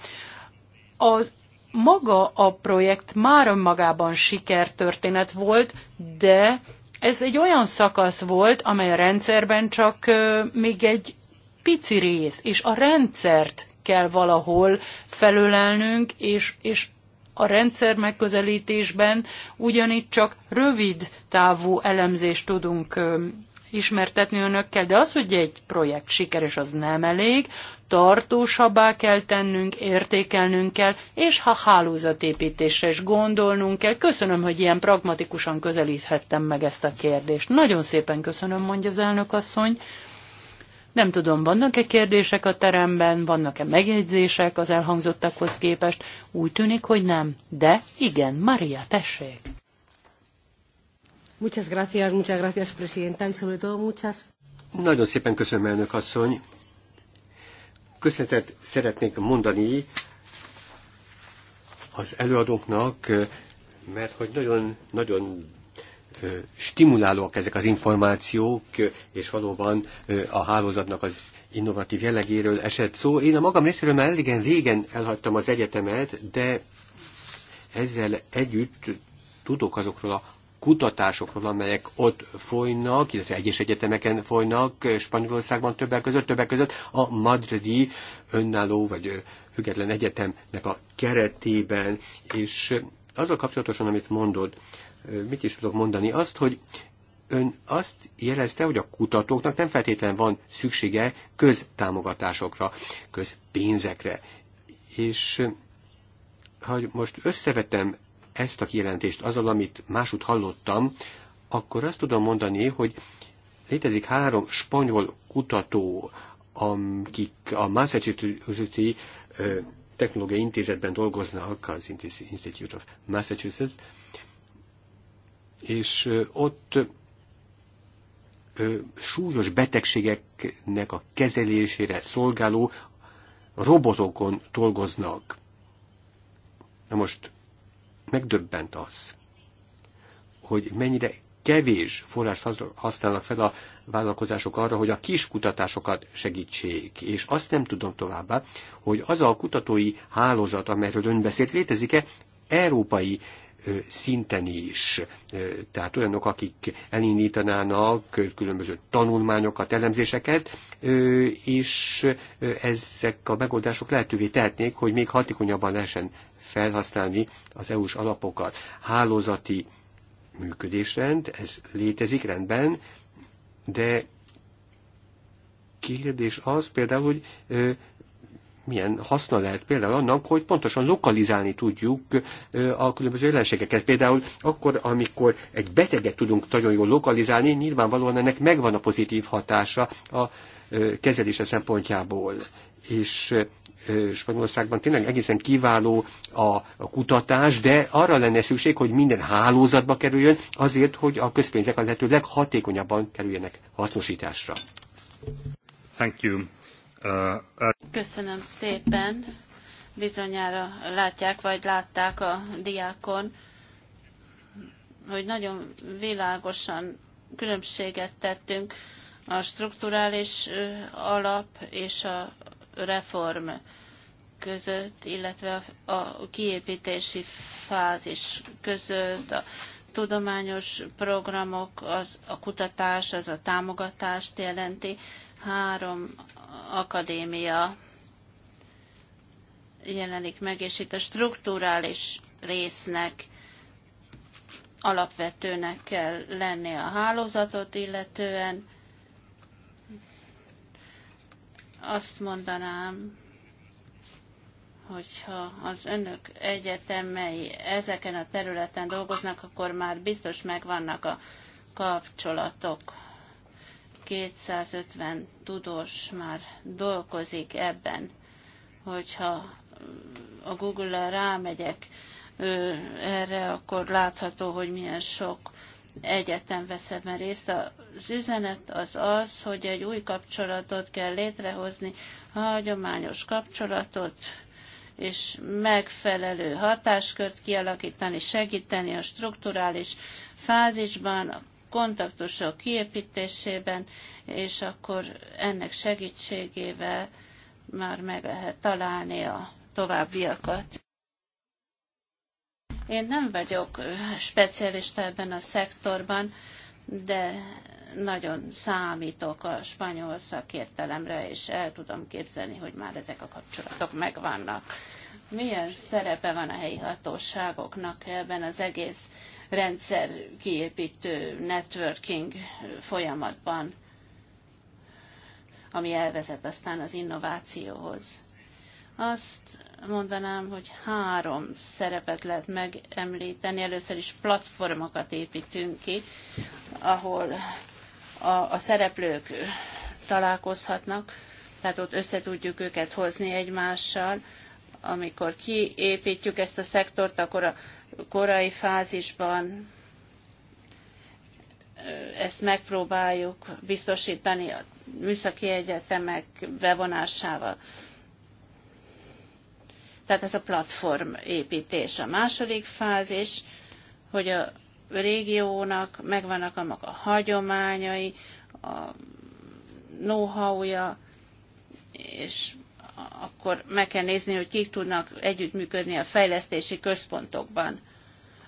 Az maga a projekt már önmagában sikertörténet volt, de ez egy olyan szakasz volt, amely a rendszerben csak még egy pici rész, és a rendszert kell valahol felölelnünk, és, és a rendszer megközelítésben ugyanígy csak rövid távú elemzést tudunk ismertetni önökkel, de az, hogy egy projekt sikeres, az nem elég, tartósabbá kell tennünk, értékelnünk kell, és ha hálózatépítésre is gondolnunk kell. Köszönöm, hogy ilyen pragmatikusan közelíthettem meg ezt a kérdést. Nagyon szépen köszönöm, mondja az elnök asszony. Nem tudom, vannak-e kérdések a teremben, vannak-e megjegyzések az elhangzottakhoz képest. Úgy tűnik, hogy nem. De igen, Maria, tessék! Muchas gracias, muchas gracias, presidenta, y sobre todo muchas... Nagyon szépen köszönöm, elnök asszony. Köszönetet szeretnék mondani az előadóknak, mert hogy nagyon-nagyon stimulálóak ezek az információk, és valóban a hálózatnak az innovatív jellegéről esett szó. Én a magam részéről már eligen régen elhagytam az egyetemet, de ezzel együtt tudok azokról a kutatásokról, amelyek ott folynak, illetve egyes egyetemeken folynak, Spanyolországban többek között, többek között a madridi önálló vagy független egyetemnek a keretében, és azzal kapcsolatosan, amit mondod, mit is tudok mondani, azt, hogy ön azt jelezte, hogy a kutatóknak nem feltétlenül van szüksége köztámogatásokra, közpénzekre. És ha most összevetem ezt a kijelentést azzal, amit másút hallottam, akkor azt tudom mondani, hogy létezik három spanyol kutató, akik a Massachusetts-i Technológiai Intézetben dolgoznak, az Institute of Massachusetts, és ott súlyos betegségeknek a kezelésére szolgáló robotokon dolgoznak. Na most megdöbbent az, hogy mennyire kevés forrást használnak fel a vállalkozások arra, hogy a kis kutatásokat segítsék. És azt nem tudom továbbá, hogy az a kutatói hálózat, amelyről ön beszélt, létezik-e európai szinten is. Tehát olyanok, akik elindítanának különböző tanulmányokat, elemzéseket, és ezek a megoldások lehetővé tehetnék, hogy még hatékonyabban lehessen felhasználni az EU-s alapokat. Hálózati működésrend, ez létezik rendben, de kérdés az például, hogy ö, milyen haszna lehet például annak, hogy pontosan lokalizálni tudjuk a különböző jelenségeket. Például akkor, amikor egy beteget tudunk nagyon jól lokalizálni, nyilvánvalóan ennek megvan a pozitív hatása a kezelése szempontjából. És Spanyolországban tényleg egészen kiváló a, kutatás, de arra lenne szükség, hogy minden hálózatba kerüljön azért, hogy a közpénzek a lehető leghatékonyabban kerüljenek hasznosításra. Thank you. Uh, uh... Köszönöm szépen. Bizonyára látják, vagy látták a diákon, hogy nagyon világosan különbséget tettünk a strukturális alap és a reform között, illetve a kiépítési fázis között, a tudományos programok, az, a kutatás, az a támogatást jelenti. Három akadémia jelenik meg, és itt a strukturális résznek alapvetőnek kell lenni a hálózatot illetően, azt mondanám, hogyha az önök egyetemei ezeken a területen dolgoznak, akkor már biztos megvannak a kapcsolatok. 250 tudós már dolgozik ebben, hogyha a Google-ra rámegyek erre, akkor látható, hogy milyen sok egyetem vesz ebben részt. Az üzenet az az, hogy egy új kapcsolatot kell létrehozni, hagyományos kapcsolatot, és megfelelő hatáskört kialakítani, segíteni a strukturális fázisban, a kontaktusok kiépítésében, és akkor ennek segítségével már meg lehet találni a továbbiakat. Én nem vagyok eh, specialista ebben a szektorban, de nagyon számítok a spanyol szakértelemre, és el tudom képzelni, hogy már ezek a kapcsolatok megvannak. Milyen szerepe van a helyi hatóságoknak ebben az egész rendszer kiépítő networking folyamatban, ami elvezet aztán az innovációhoz? Azt mondanám, hogy három szerepet lehet megemlíteni. Először is platformokat építünk ki, ahol a, a szereplők találkozhatnak, tehát ott össze tudjuk őket hozni egymással. Amikor kiépítjük ezt a szektort, akkor a korai fázisban ezt megpróbáljuk biztosítani a műszaki egyetemek bevonásával. Tehát ez a platform építés a második fázis, hogy a régiónak megvannak a maga hagyományai, a know-how-ja, és akkor meg kell nézni, hogy kik tudnak együttműködni a fejlesztési központokban,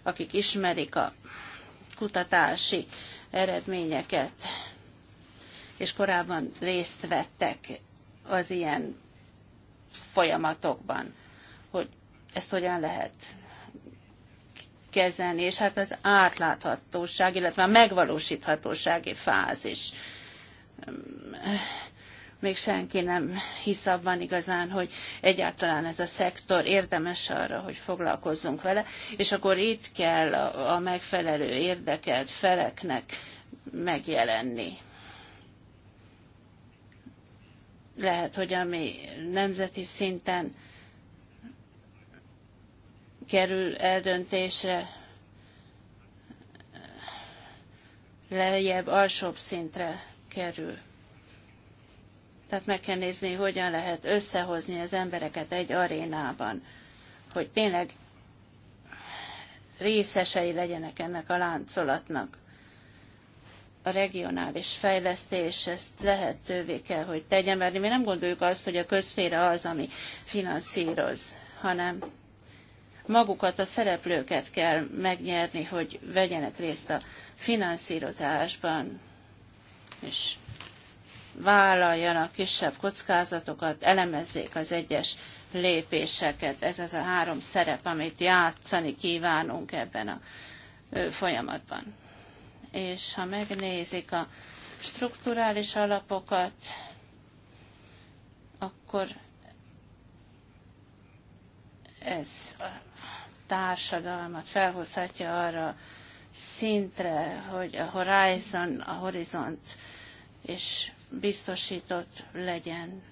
akik ismerik a kutatási eredményeket, és korábban részt vettek az ilyen folyamatokban hogy ezt hogyan lehet kezelni, és hát az átláthatóság, illetve a megvalósíthatósági fázis. Még senki nem hisz abban igazán, hogy egyáltalán ez a szektor érdemes arra, hogy foglalkozzunk vele, és akkor itt kell a megfelelő érdekelt feleknek megjelenni. Lehet, hogy ami nemzeti szinten kerül eldöntésre lejjebb, alsóbb szintre kerül. Tehát meg kell nézni, hogyan lehet összehozni az embereket egy arénában, hogy tényleg részesei legyenek ennek a láncolatnak. A regionális fejlesztés ezt lehetővé kell, hogy tegyen, mert mi nem gondoljuk azt, hogy a közféra az, ami finanszíroz, hanem magukat a szereplőket kell megnyerni, hogy vegyenek részt a finanszírozásban, és vállaljanak kisebb kockázatokat, elemezzék az egyes lépéseket. Ez az a három szerep, amit játszani kívánunk ebben a folyamatban. És ha megnézik a strukturális alapokat, akkor ez társadalmat felhozhatja arra szintre, hogy a Horizon, a horizont és biztosított legyen.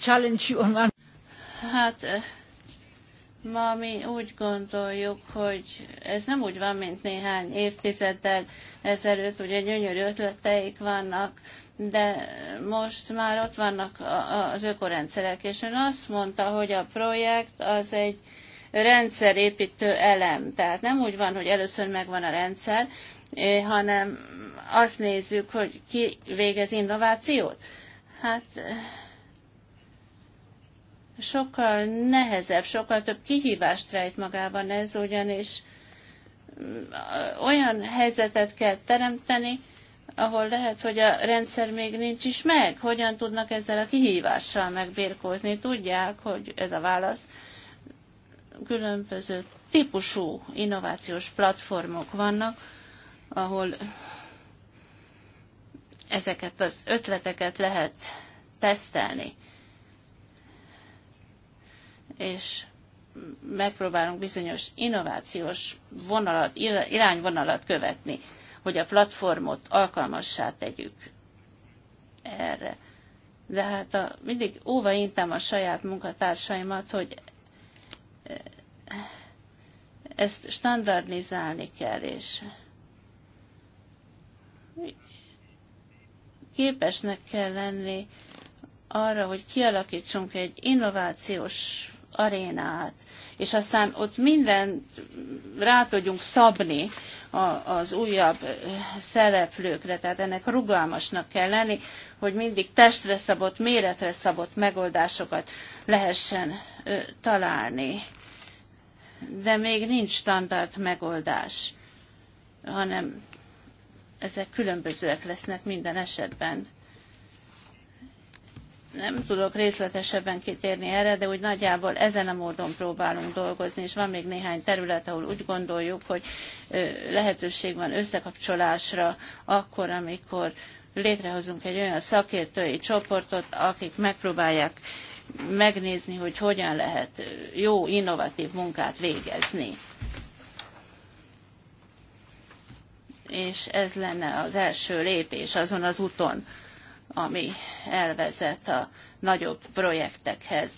Challenge you on one. Hát eh, ma mi úgy gondoljuk, hogy ez nem úgy van, mint néhány évtizeddel ezelőtt, ugye gyönyörű ötleteik vannak, de most már ott vannak az ökorendszerek, és ön azt mondta, hogy a projekt az egy rendszerépítő elem. Tehát nem úgy van, hogy először megvan a rendszer, eh, hanem azt nézzük, hogy ki végez innovációt. Hát eh, sokkal nehezebb, sokkal több kihívást rejt magában ez, ugyanis mm, olyan helyzetet kell teremteni, ahol lehet, hogy a rendszer még nincs is meg. Hogyan tudnak ezzel a kihívással megbírkozni? Tudják, hogy ez a válasz különböző típusú innovációs platformok vannak, ahol ezeket az ötleteket lehet tesztelni. És megpróbálunk bizonyos innovációs vonalat, irányvonalat követni hogy a platformot alkalmassá tegyük erre. De hát a, mindig óva intem a saját munkatársaimat, hogy eh, ezt standardizálni kell, és képesnek kell lenni arra, hogy kialakítsunk egy innovációs arénát, és aztán ott minden rá tudjunk szabni a, az újabb szereplőkre, tehát ennek rugalmasnak kell lenni, hogy mindig testre szabott, méretre szabott megoldásokat lehessen ö, találni. De még nincs standard megoldás, hanem ezek különbözőek lesznek minden esetben nem tudok részletesebben kitérni erre, de úgy nagyjából ezen a módon próbálunk dolgozni, és van még néhány terület, ahol úgy gondoljuk, hogy lehetőség van összekapcsolásra akkor, amikor létrehozunk egy olyan szakértői csoportot, akik megpróbálják megnézni, hogy hogyan lehet jó, innovatív munkát végezni. És ez lenne az első lépés azon az úton, ami elvezet a nagyobb projektekhez,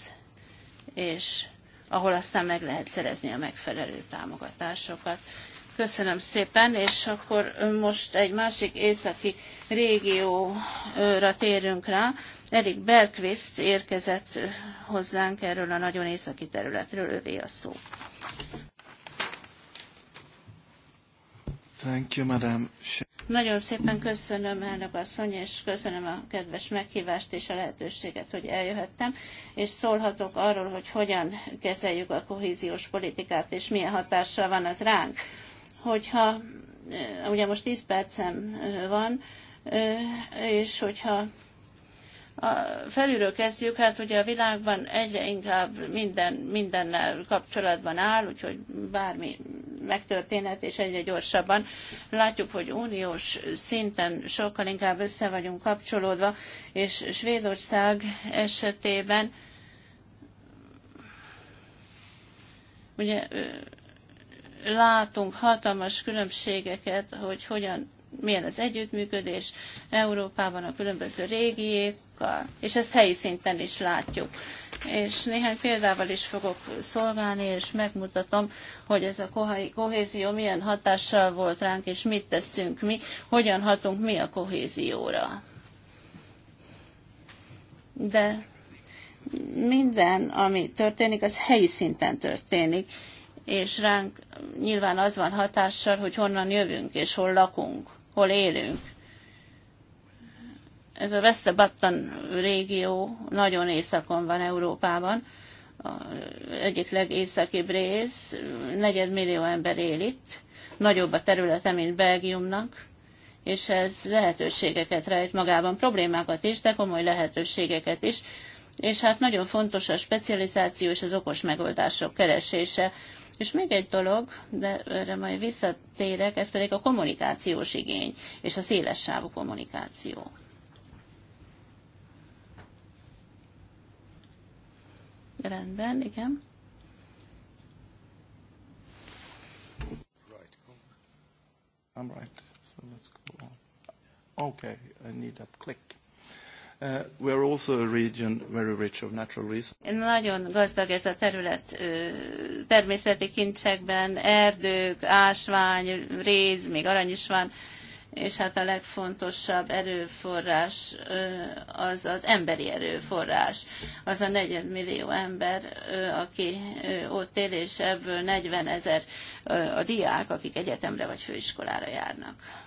és ahol aztán meg lehet szerezni a megfelelő támogatásokat. Köszönöm szépen, és akkor most egy másik északi régióra térünk rá. Erik Berkvist érkezett hozzánk erről a nagyon északi területről, ővé a szó. Thank you, madam. Nagyon szépen köszönöm, elnök asszony, és köszönöm a kedves meghívást és a lehetőséget, hogy eljöhettem, és szólhatok arról, hogy hogyan kezeljük a kohéziós politikát, és milyen hatással van az ránk. Hogyha, eh, ugye most 10 percem eh, van, eh, és hogyha a felülről kezdjük, hát ugye a világban egyre inkább minden, mindennel kapcsolatban áll, úgyhogy bármi megtörténhet, és egyre gyorsabban. Látjuk, hogy uniós szinten sokkal inkább össze vagyunk kapcsolódva, és Svédország esetében ugye látunk hatalmas különbségeket, hogy hogyan milyen az együttműködés Európában a különböző régiék másokkal. És ezt helyi szinten is látjuk. És néhány példával is fogok szolgálni, és megmutatom, hogy ez a kohézió milyen hatással volt ránk, és mit teszünk mi, hogyan hatunk mi a kohézióra. De minden, ami történik, az helyi szinten történik, és ránk nyilván az van hatással, hogy honnan jövünk, és hol lakunk, hol élünk. Ez a Vesztebattan régió nagyon északon van Európában, a egyik legészakibb rész, negyedmillió ember él itt, nagyobb a területe, mint Belgiumnak, és ez lehetőségeket rejt magában, problémákat is, de komoly lehetőségeket is, és hát nagyon fontos a specializáció és az okos megoldások keresése. És még egy dolog, de erre majd visszatérek, ez pedig a kommunikációs igény és a széles sávú kommunikáció. Rendben, igen. Right. I'm right. So let's go on. Okay, I need that click. Uh, we are also a region very rich of natural resources. Nagyon gazdag ez a terület természeti kincsekben, erdők, ásvány, réz, még arany is van és hát a legfontosabb erőforrás az az emberi erőforrás. Az a negyedmillió ember, aki ott él, és ebből 40 ezer a diák, akik egyetemre vagy főiskolára járnak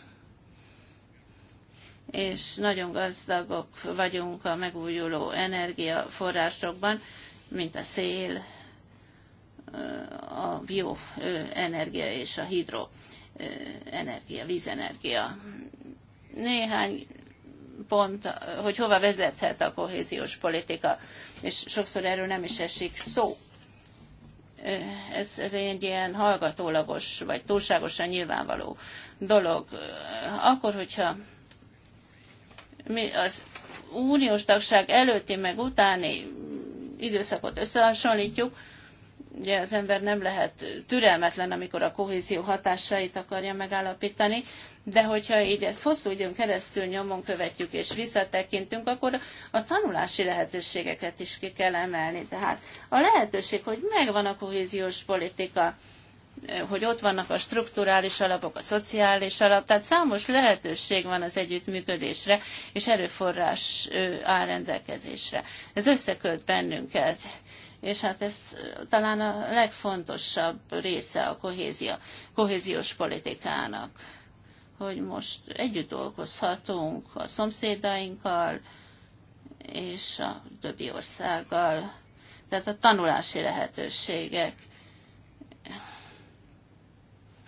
és nagyon gazdagok vagyunk a megújuló energiaforrásokban, mint a szél, a bioenergia és a hidro energia, vízenergia. Néhány pont, hogy hova vezethet a kohéziós politika, és sokszor erről nem is esik szó. Ez, ez egy ilyen hallgatólagos, vagy túlságosan nyilvánvaló dolog. Akkor, hogyha mi az uniós tagság előtti, meg utáni időszakot összehasonlítjuk, ugye az ember nem lehet türelmetlen, amikor a kohézió hatásait akarja megállapítani, de hogyha így ezt hosszú időn keresztül nyomon követjük és visszatekintünk, akkor a tanulási lehetőségeket is ki kell emelni. Tehát a lehetőség, hogy megvan a kohéziós politika, hogy ott vannak a strukturális alapok, a szociális alap, tehát számos lehetőség van az együttműködésre, és erőforrás áll rendelkezésre. Ez összekölt bennünket és hát ez talán a legfontosabb része a kohézia, kohéziós politikának, hogy most együtt dolgozhatunk a szomszédainkkal és a többi országgal. Tehát a tanulási lehetőségek,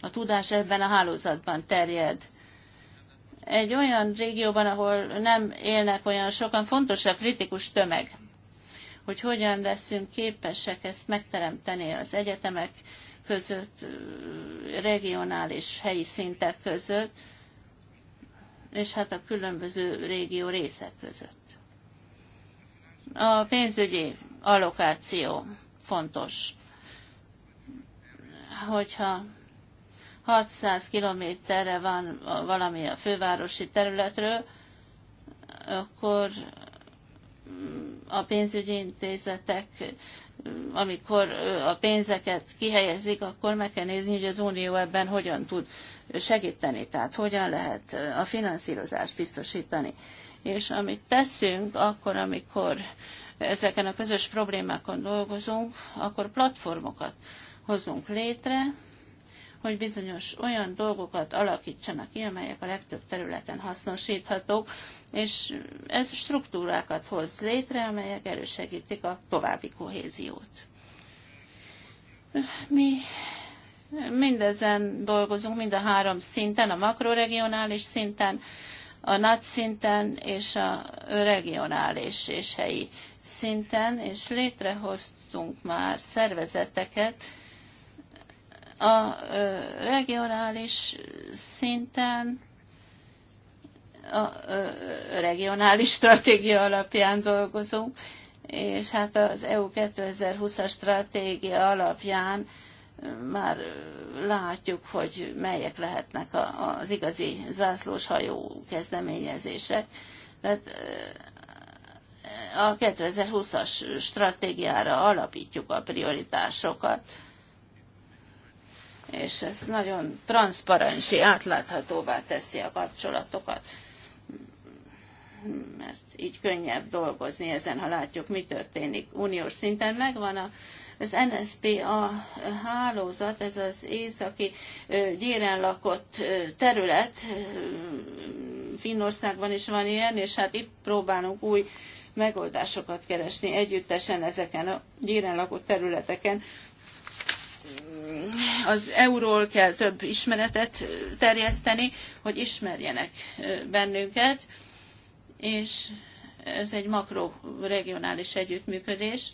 a tudás ebben a hálózatban terjed egy olyan régióban, ahol nem élnek olyan sokan, fontos a kritikus tömeg hogy hogyan leszünk képesek ezt megteremteni az egyetemek között, regionális helyi szintek között, és hát a különböző régió részek között. A pénzügyi allokáció fontos. Hogyha 600 kilométerre van valami a fővárosi területről, akkor a pénzügyi intézetek, amikor a pénzeket kihelyezik, akkor meg kell nézni, hogy az Unió ebben hogyan tud segíteni, tehát hogyan lehet a finanszírozást biztosítani. És amit teszünk, akkor, amikor ezeken a közös problémákon dolgozunk, akkor platformokat hozunk létre, hogy bizonyos olyan dolgokat alakítsanak ki, amelyek a legtöbb területen hasznosíthatók, és ez struktúrákat hoz létre, amelyek elősegítik a további kohéziót. Mi mindezen dolgozunk, mind a három szinten, a makroregionális szinten, a nagy szinten és a regionális és helyi szinten, és létrehoztunk már szervezeteket, a regionális szinten a regionális stratégia alapján dolgozunk, és hát az EU 2020-as stratégia alapján már látjuk, hogy melyek lehetnek az igazi zászlós hajó kezdeményezések. Tehát a 2020-as stratégiára alapítjuk a prioritásokat és ez nagyon transzparensi, átláthatóvá teszi a kapcsolatokat, mert így könnyebb dolgozni ezen, ha látjuk, mi történik uniós szinten. Megvan a, az NSPA hálózat, ez az északi gyéren lakott terület, Finnországban is van ilyen, és hát itt próbálunk új megoldásokat keresni együttesen ezeken a gyéren lakott területeken, az euról kell több ismeretet terjeszteni, hogy ismerjenek bennünket, és ez egy makroregionális együttműködés.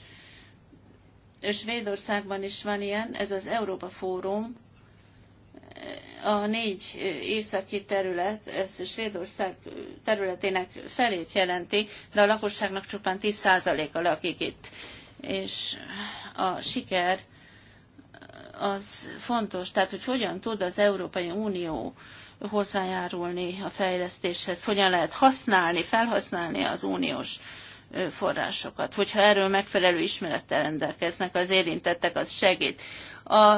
Svédországban is van ilyen, ez az Európa Fórum, a négy északi terület, ez Svédország területének felét jelenti, de a lakosságnak csupán 10%-a lakik itt. És a siker az fontos, tehát hogy hogyan tud az Európai Unió hozzájárulni a fejlesztéshez, hogyan lehet használni, felhasználni az uniós forrásokat. Hogyha erről megfelelő ismerettel rendelkeznek az érintettek, az segít. A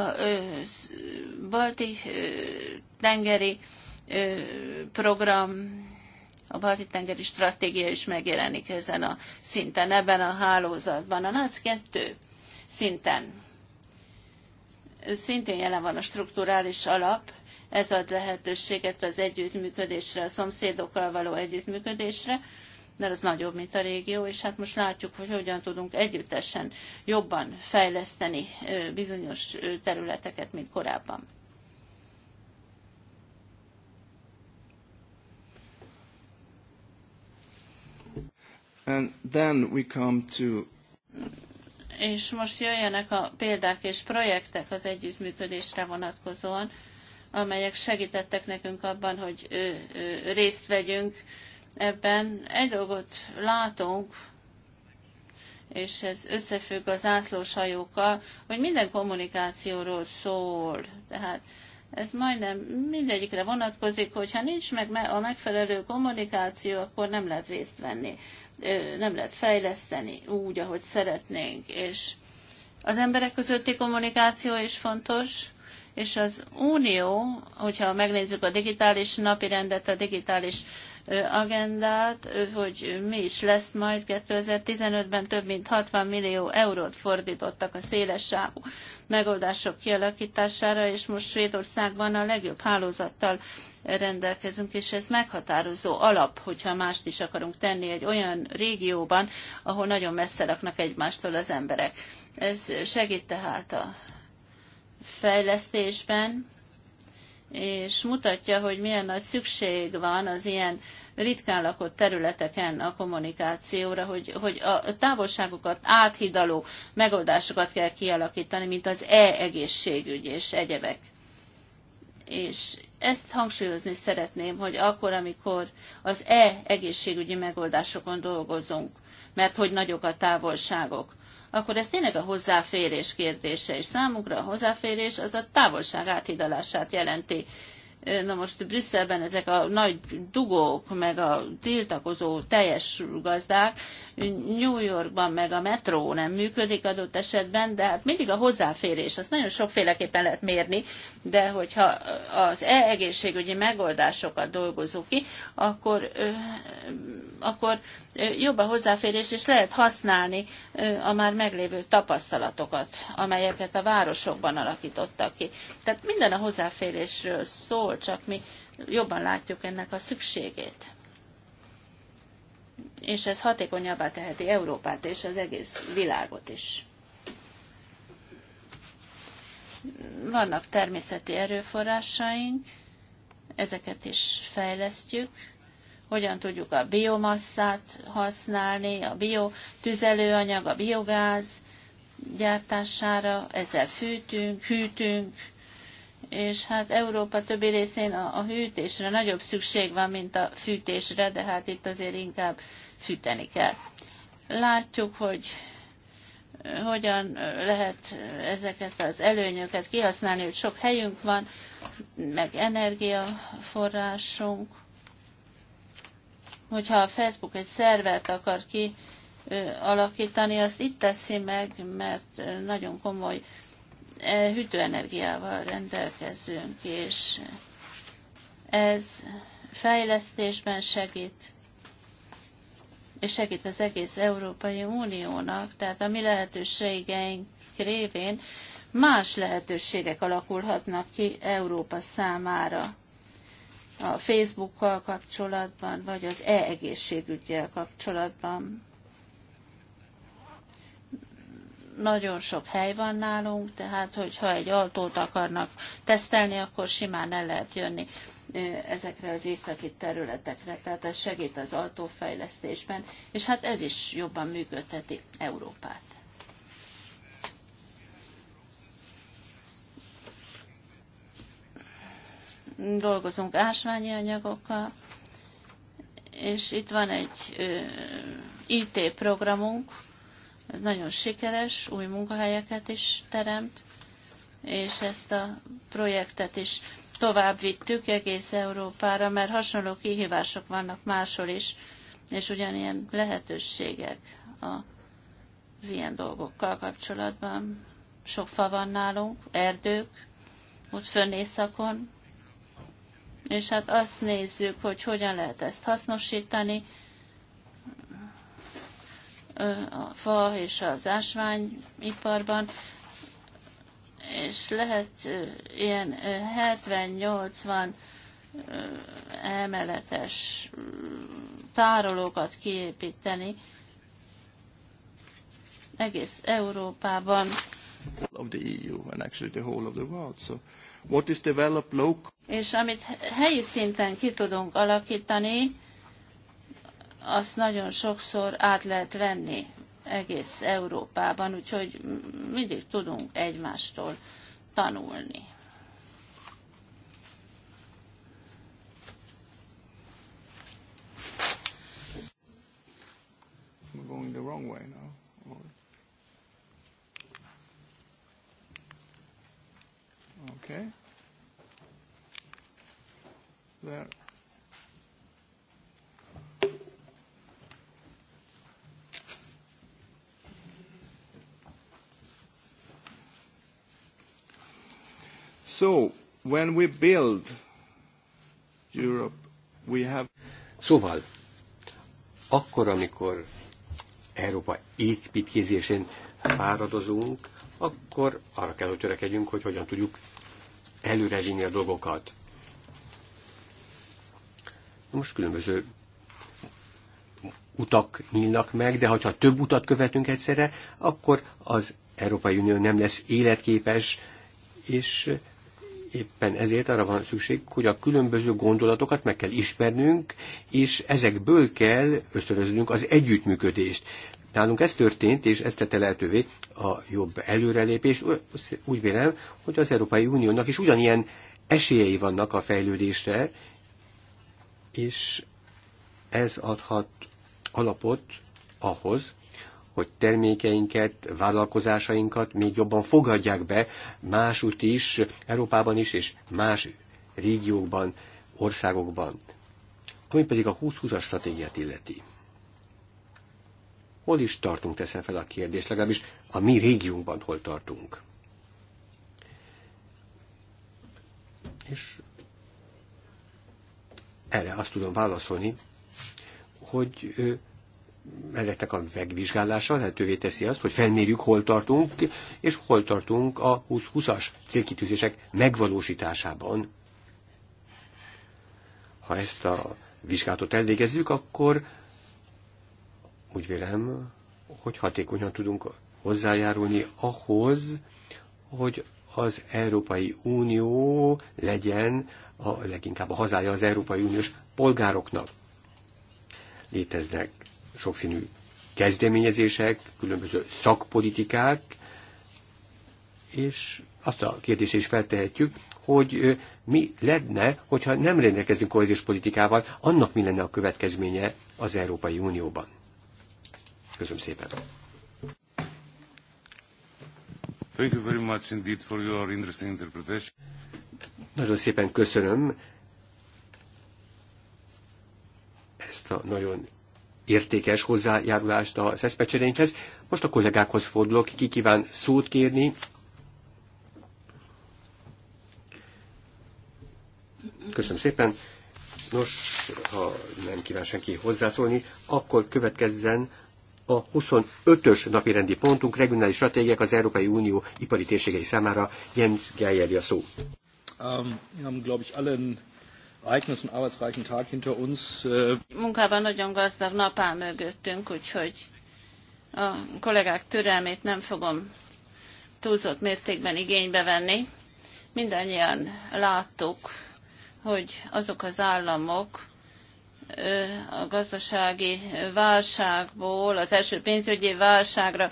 balti tengeri program, a balti tengeri stratégia is megjelenik ezen a szinten, ebben a hálózatban. A NAC 2 szinten szintén jelen van a strukturális alap, ez ad lehetőséget az együttműködésre, a szomszédokkal való együttműködésre, mert az nagyobb, mint a régió, és hát most látjuk, hogy hogyan tudunk együttesen jobban fejleszteni bizonyos területeket, mint korábban. And then we come to és most jöjjenek a példák és projektek az együttműködésre vonatkozóan, amelyek segítettek nekünk abban, hogy részt vegyünk ebben. Egy dolgot látunk, és ez összefügg az zászlós hajókkal, hogy minden kommunikációról szól. Tehát ez majdnem mindegyikre vonatkozik, hogyha nincs meg a megfelelő kommunikáció, akkor nem lehet részt venni nem lehet fejleszteni úgy, ahogy szeretnénk, és az emberek közötti kommunikáció is fontos, és az unió, hogyha megnézzük a digitális napirendet, a digitális agendát, hogy mi is lesz majd 2015-ben több mint 60 millió eurót fordítottak a széles sávú megoldások kialakítására, és most Svédországban a legjobb hálózattal rendelkezünk, és ez meghatározó alap, hogyha mást is akarunk tenni egy olyan régióban, ahol nagyon messze laknak egymástól az emberek. Ez segít tehát a fejlesztésben, és mutatja, hogy milyen nagy szükség van az ilyen ritkán lakott területeken a kommunikációra, hogy, hogy a távolságokat áthidaló megoldásokat kell kialakítani, mint az e-egészségügy és egyebek és ezt hangsúlyozni szeretném, hogy akkor, amikor az e-egészségügyi megoldásokon dolgozunk, mert hogy nagyok a távolságok, akkor ez tényleg a hozzáférés kérdése, és számunkra a hozzáférés az a távolság áthidalását jelenti Na most Brüsszelben ezek a nagy dugók, meg a tiltakozó teljes gazdák, New Yorkban meg a metró nem működik adott esetben, de hát mindig a hozzáférés, azt nagyon sokféleképpen lehet mérni, de hogyha az e-egészségügyi megoldásokat dolgozunk ki, akkor, akkor jobb a hozzáférés, és lehet használni a már meglévő tapasztalatokat, amelyeket a városokban alakítottak ki. Tehát minden a hozzáférésről szól, jól, csak mi jobban látjuk ennek a szükségét. És ez hatékonyabbá teheti Európát és az egész világot is. Vannak természeti erőforrásaink, ezeket is fejlesztjük, hogyan tudjuk a biomasszát használni, a biotüzelőanyag, a biogáz gyártására, ezzel fűtünk, hűtünk, és hát Európa többi részén a, a hűtésre nagyobb szükség van, mint a fűtésre, de hát itt azért inkább fűteni kell. Látjuk, hogy eh, hogyan eh, lehet ezeket az előnyöket kihasználni, hogy sok helyünk van, meg energiaforrásunk. Hogyha a Facebook egy szervert akar ki eh, alakítani, azt itt teszi meg, mert nagyon komoly E, hűtőenergiával rendelkezünk, és ez fejlesztésben segít, és segít az egész Európai Uniónak, tehát a mi lehetőségeink révén más lehetőségek alakulhatnak ki Európa számára a Facebookkal kapcsolatban, vagy az e-egészségügyel kapcsolatban nagyon sok hely van nálunk, tehát hogyha egy autót akarnak tesztelni, akkor simán el lehet jönni ezekre az északi területekre, tehát ez segít az autófejlesztésben, és hát ez is jobban működteti Európát. Dolgozunk ásványi anyagokkal, és itt van egy IT programunk, nagyon sikeres, új munkahelyeket is teremt, és ezt a projektet is tovább vittük egész Európára, mert hasonló kihívások vannak máshol is, és ugyanilyen lehetőségek az ilyen dolgokkal kapcsolatban. Sok fa van nálunk, erdők, ott fönn északon, és hát azt nézzük, hogy hogyan lehet ezt hasznosítani, a fa és az ásványiparban, és lehet ilyen 70-80 emeletes tárolókat kiépíteni egész Európában. Of the EU and actually the whole of the world. So what is developed local? És amit helyi szinten ki tudunk alakítani, azt nagyon sokszor át lehet venni egész Európában, úgyhogy mindig tudunk egymástól tanulni. We're going the wrong way now. Okay. There So, when we build Europe, we have... Szóval, akkor, amikor Európa építkezésén fáradozunk, akkor arra kell, hogy törekedjünk, hogy hogyan tudjuk előrevinni a dolgokat. Most különböző utak nyílnak meg, de ha több utat követünk egyszerre, akkor az Európai Unió nem lesz életképes, és Éppen ezért arra van szükség, hogy a különböző gondolatokat meg kell ismernünk, és ezekből kell ösztönöznünk az együttműködést. Nálunk ez történt, és ezt tette lehetővé a jobb előrelépés. Úgy vélem, hogy az Európai Uniónak is ugyanilyen esélyei vannak a fejlődésre, és ez adhat alapot ahhoz, hogy termékeinket, vállalkozásainkat még jobban fogadják be másút is, Európában is, és más régiókban, országokban. Ami pedig a 2020-as stratégiát illeti. Hol is tartunk, teszem fel a kérdést, legalábbis a mi régiónkban hol tartunk. És erre azt tudom válaszolni, hogy ezeknek a megvizsgálása lehetővé teszi azt, hogy felmérjük, hol tartunk, és hol tartunk a 20-20-as célkitűzések megvalósításában. Ha ezt a vizsgálatot elvégezzük, akkor úgy vélem, hogy hatékonyan tudunk hozzájárulni ahhoz, hogy az Európai Unió legyen a leginkább a hazája az Európai Uniós polgároknak. Léteznek sokszínű kezdeményezések, különböző szakpolitikák, és azt a kérdést is feltehetjük, hogy mi lenne, hogyha nem rendelkezünk kohéziós politikával, annak mi lenne a következménye az Európai Unióban. Köszönöm szépen. Thank you very much indeed for your interesting interpretation. Nagyon szépen köszönöm ezt a nagyon értékes hozzájárulást a szeszpecserénkhez. Most a kollégákhoz fordulok, ki kíván szót kérni. Köszönöm szépen. Nos, ha nem kíván senki hozzászólni, akkor következzen a 25-ös napi rendi pontunk, regionális stratégiák az Európai Unió ipari térségei számára. Jens Geyer a szó. Um, haben, glaube ich, allen ereignissen, arbeitsreichen Tag hinter uns. Äh, Munkában nagyon gazdag nap áll mögöttünk, úgyhogy a kollégák türelmét nem fogom túlzott mértékben igénybe venni. Mindannyian láttuk, hogy azok az államok, a gazdasági válságból, az első pénzügyi válságra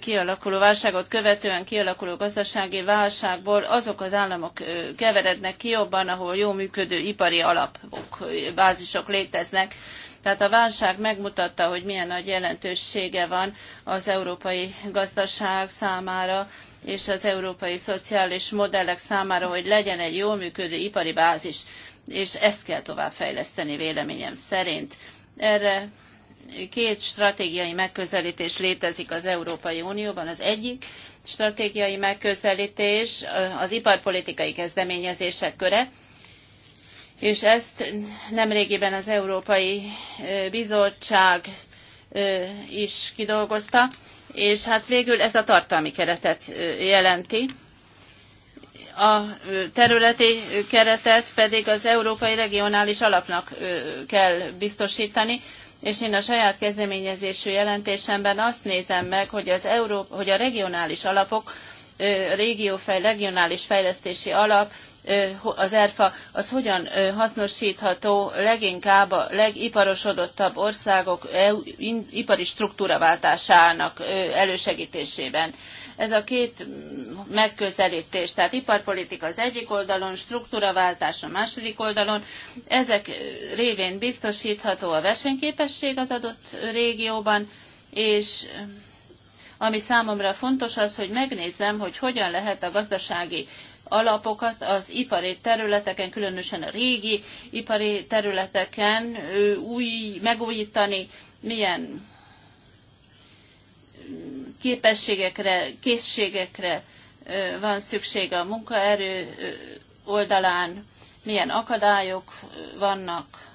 kialakuló válságot követően kialakuló gazdasági válságból azok az államok keverednek ki jobban, ahol jó működő ipari alapok, bázisok léteznek. Tehát a válság megmutatta, hogy milyen nagy jelentősége van az európai gazdaság számára, és az európai szociális modellek számára, hogy legyen egy jól működő ipari bázis és ezt kell továbbfejleszteni véleményem szerint. Erre két stratégiai megközelítés létezik az Európai Unióban. Az egyik stratégiai megközelítés az iparpolitikai kezdeményezések köre, és ezt nemrégiben az Európai Bizottság is kidolgozta, és hát végül ez a tartalmi keretet jelenti, a területi keretet pedig az Európai Regionális Alapnak kell biztosítani, és én a saját kezdeményezésű jelentésemben azt nézem meg, hogy, az Európa, hogy a regionális alapok, régiófej, regionális fejlesztési alap, az ERFA, az hogyan hasznosítható leginkább a legiparosodottabb országok e ipari struktúraváltásának elősegítésében. Ez a két megközelítés, tehát iparpolitika az egyik oldalon, struktúraváltás a második oldalon, ezek révén biztosítható a versenyképesség az adott régióban, és ami számomra fontos az, hogy megnézzem, hogy hogyan lehet a gazdasági alapokat az ipari területeken, különösen a régi ipari területeken új, megújítani, milyen képességekre, készségekre van szükség a munkaerő oldalán, milyen akadályok vannak,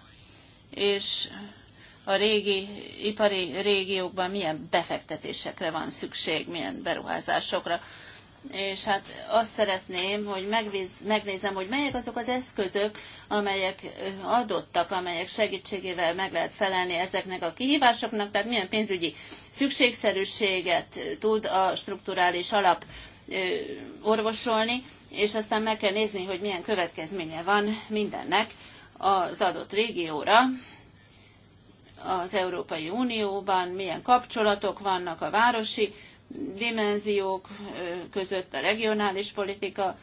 és a régi ipari régiókban milyen befektetésekre van szükség, milyen beruházásokra. És hát azt szeretném, hogy megvíz, megnézem, hogy melyek azok az eszközök, amelyek adottak, amelyek segítségével meg lehet felelni ezeknek a kihívásoknak, tehát milyen pénzügyi szükségszerűséget tud a strukturális alap orvosolni, és aztán meg kell nézni, hogy milyen következménye van mindennek az adott régióra, az Európai Unióban, milyen kapcsolatok vannak a városi dimenziók között, a regionális politika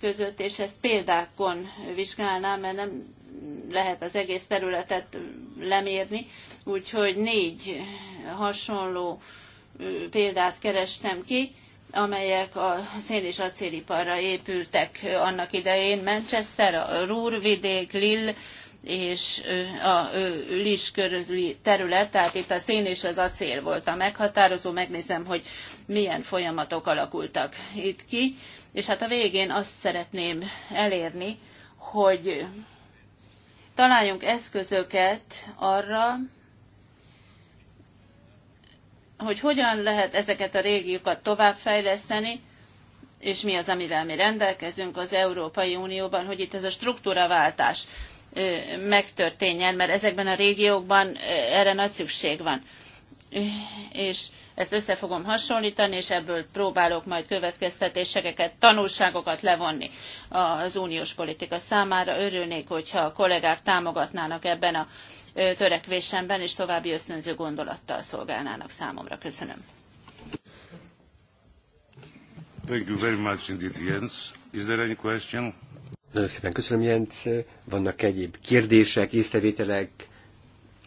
között, és ezt példákon vizsgálnám, mert nem lehet az egész területet lemérni, Úgyhogy négy hasonló példát kerestem ki, amelyek a szén és acéliparra épültek annak idején. Manchester, a vidék, Lille és a Lis körüli terület, tehát itt a szén és az acél volt a meghatározó. Megnézem, hogy milyen folyamatok alakultak itt ki. És hát a végén azt szeretném elérni, hogy találjunk eszközöket arra, hogy hogyan lehet ezeket a régiókat továbbfejleszteni, és mi az, amivel mi rendelkezünk az Európai Unióban, hogy itt ez a struktúraváltás megtörténjen, mert ezekben a régiókban erre nagy szükség van. És ezt össze fogom hasonlítani, és ebből próbálok majd következtetéseket, tanulságokat levonni az uniós politika számára. Örülnék, hogyha a kollégák támogatnának ebben a törekvésemben, és további ösztönző gondolattal szolgálnának számomra. Köszönöm. Thank you very much indeed, Jens. Is there any question? Nagyon szépen köszönöm, Jens. Vannak egyéb kérdések, észrevételek?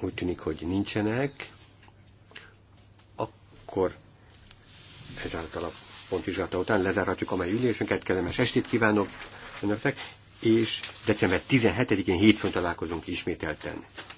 Úgy tűnik, hogy nincsenek. Akkor ezáltal a pontvizsgálata után lezárhatjuk a mai ülésünket. Kellemes estét kívánok önöknek, és december 17-én hétfőn találkozunk ismételten.